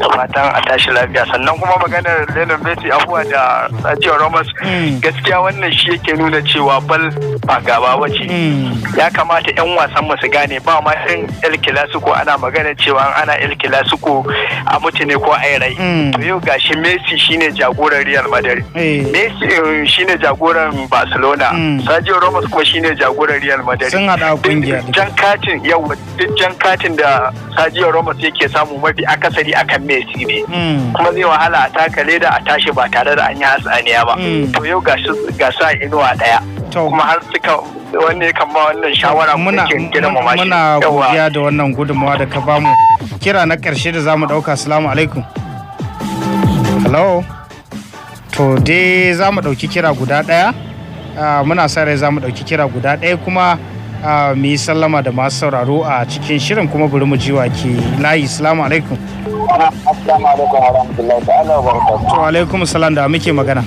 da fatan a tashi lafiya sannan kuma maganar Lelon beti abuwa da da sajiyar Romas mm. gaskiya wannan shi yake nuna cewa bal ba gaba ba ce. Mm. Ya kamata 'yan wasan su gane ba ma irin El Clasico ana magana cewa ana El Clasico a mutu ne ko a rai. Mm. To yau gashi Messi shine jagoran Real Madrid. Eh. Messi eh, shine jagoran Barcelona. Sajiyar Romas kuma shine jagoran Real Madrid. Sun hada kungiya. Jan katin yau duk jan katin da Sadio Ramos yake samu mafi akasari akan Messi ne. Kuma zai wahala a taka leda a tashi ba tare da an yi hatsaniya ba mm. to yau ga sa inuwa daya kuma har suka wani kamar wannan shawara muna muna godiya da wannan gudunmawa da ka bamu kira na karshe da zamu dauka assalamu alaikum hello to dai za mu dauki kira guda daya ah, muna sa rai za mu dauki kira guda daya kuma ah, mu yi sallama da masu sauraro a cikin shirin kuma bari mu ji wa ke layi assalamu alaikum Assalamu alaikum wa rahmatullahi ta'ala wa barakatuhu. To alaikum salam da muke magana.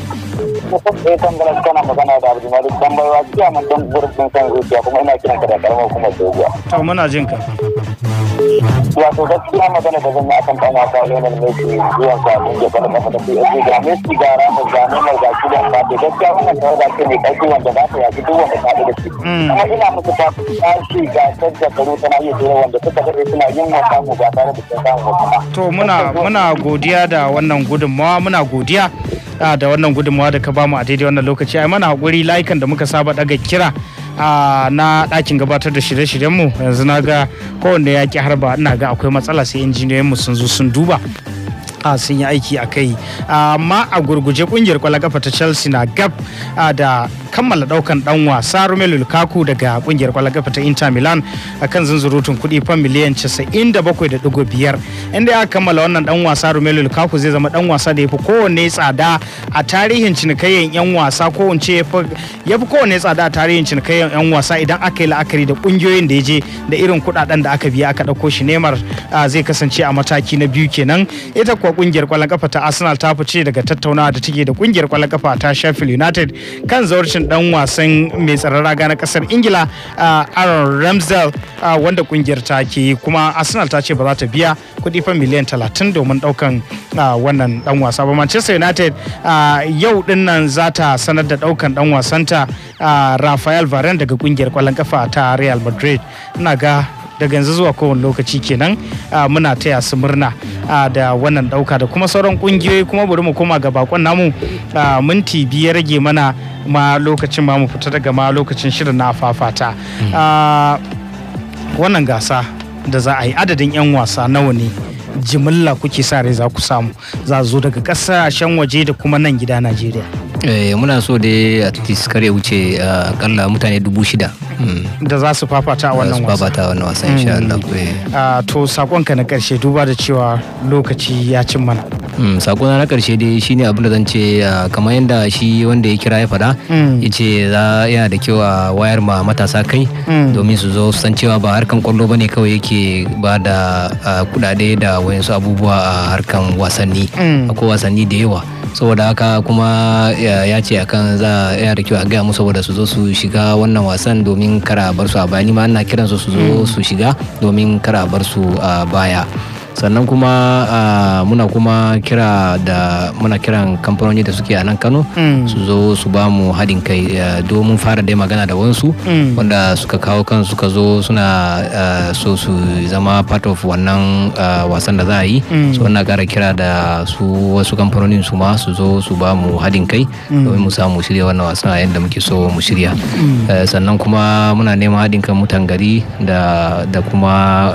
Eh tambara kana magana da Abdul Malik dan baiwa kiyaman dan gurbin san zuciya kuma ina kiran ka da karama kuma Dogo. To muna jin ka. wato gaskiya magana da zan yi akan ɗan wasa Lionel Messi zuwan sa mun jefa da kafa da PSG ga Messi ga Ramos ga Neymar ga Kylian Mbappe gaskiya wannan tare da ce mai ƙarfi wanda za ta yaki duk wanda ta da shi Amma mm. ina musu ta tashi ga sajja karo tana iya jira wanda suka daɗe suna yin wasa mu ba tare da sun samu ba to muna muna godiya da wannan gudunmawa muna godiya ah, da wannan gudunmawa da ka bamu a daidai wannan lokaci ai mana haƙuri layukan da muka saba daga kira na ɗakin gabatar da shirye shiryen mu yanzu na ga kowanne ya ki harba ina ga akwai matsala sai injiniyoyinmu sun zo sun duba a sun yi aiki a kai amma a gurguje kungiyar kwallon kafa ta chelsea na gab da kammala daukan dan wasa Romelu Lukaku daga kungiyar kwallon ta Inter Milan akan zunzurutun kuɗi fan miliyan 97.5 inda ya kammala wannan dan wasa Romelu Lukaku zai zama dan wasa da yafi kowanne tsada a tarihin cinikayyen yan wasa ko in yafi kowanne tsada a tarihin cinikayyen yan wasa idan aka yi la'akari da kungiyoyin da ya je da irin kuɗaɗen da aka biya aka dauko shi Neymar zai kasance a mataki na biyu kenan ita kuwa kungiyar kwallon kafa ta Arsenal ta fice daga tattaunawa da take da kungiyar kwallon kafa ta Sheffield United kan zaurcin Ɗan dan wasan mai tsaron raga na kasar ingila uh, aaron ramsdale uh, wanda kungiyar ta ke kuma arsenal ta ce ba za ta biya kuɗi fa miliyan 30 domin daukan uh, wannan dan wasa ba manchester united yau din nan za ta sanar da daukan dan wasanta rafael varane daga kungiyar kwallon kafa ta real madrid na ga daga yanzu zuwa kowane lokaci kenan muna taya su murna da wannan dauka da kuma sauran kungiyoyi kuma bari mu koma ga bakon namu minti biyar rage mana ma lokacin ma mu fita daga ma lokacin shirin na fafata hmm. ah, wannan gasa da za a yi adadin 'yan wasa nawa ne jimilla kuke sa rai za ku samu za zo daga kasashen waje da kuma nan gida najeriya Eh, muna so dai at least kar ya wuce eh, akalla mutane dubu shida hmm. da za su fafata a wannan wasa fafata wannan wasa insha hmm. Allah eh. ah, to sakonka na karshe duba da cewa lokaci ya cin mana hmm, sakona na karshe dai shine abin da zan ce ah, kamar yadda shi wanda ya kira ya faɗa ya ce za yana da kyau a wayar ma matasa kai domin su zo san cewa ba harkan kwallo bane kawai yake ba da ah, kudade da wayansu abubuwa a harkan wasanni akwai wasanni da yawa saboda haka kuma ya ce akan za a da kyau a gaya musu saboda su zo su shiga wannan wasan domin kara bar su a baya ni ma ana kiransu su zo mm. su shiga domin kara bar su a baya sannan kuma muna kuma kira da muna kiran kamfanoni da suke a nan kano mm. su zo su ba mu haɗin kai domin fara dai magana da wansu mm. wanda suka kawo kan suka zo suna so su zama part of wannan wasan da za a yi mm. so ina kara kira da su wasu kamfanonin su ma su zo su ba mu haɗin kai domin mu samu shirya wannan wasan a yadda muke so mu shirya eh, sannan kuma muna neman haɗin kan mutan gari da kuma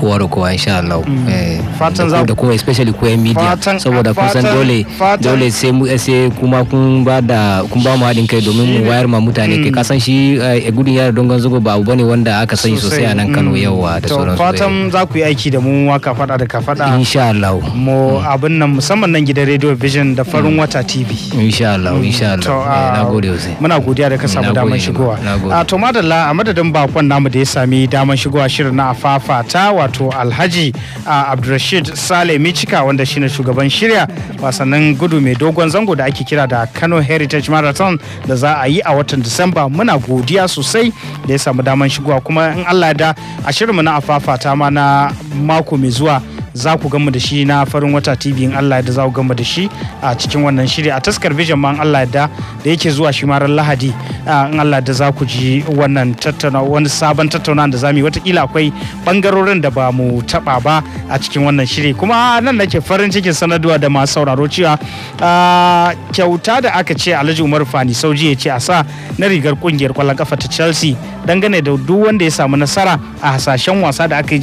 kowa da kowa insha Allah mm. eh, fatan za da kowa especially ko yan media saboda kun san dole dole sai mu eh, sai kuma kun ba da kun ba mu haɗin kai domin mu wayar ma mutane kai mm. kasan shi a eh, gudun yara dongon zugo ba abu bane wanda aka sani sosai a nan Kano mm. yawa da sauransu fatan za ku yi aiki da mu waka fada da ka fada insha Allah mu abin nan musamman nan gidan Radio Vision da farin wata TV insha Allah insha Allah nagode ah, muna godiya da ka samu damar shigowa ah, to madalla a madadin bakon namu da ya sami damar shigowa shirin na afafata wato alhaji ah, abdulrashid sale michika wanda shine shugaban shirya wasannin gudu mai dogon zango da ake kira da kano heritage marathon da za a yi a watan disamba muna godiya sosai da ya samu daman shigowa kuma in allah da a shirinmu na afafata ma na mako mai zuwa za ku gama da shi na farin wata tv in allah yadda za ku gama da shi a cikin wannan shiri a taskar vision ma in allah yadda da yake zuwa shi ma lahadi in allah yadda za ku ji wannan tattauna wani sabon tattaunawa da za mu yi watakila akwai bangarorin da ba mu taba ba a cikin wannan shiri kuma nan nake farin cikin sanarwa da masu sauraro cewa kyauta da aka ce alhaji umar fani sauji ya ce a sa na rigar kungiyar kwallon kafa ta chelsea dangane da duk wanda ya samu nasara a hasashen wasa da aka yi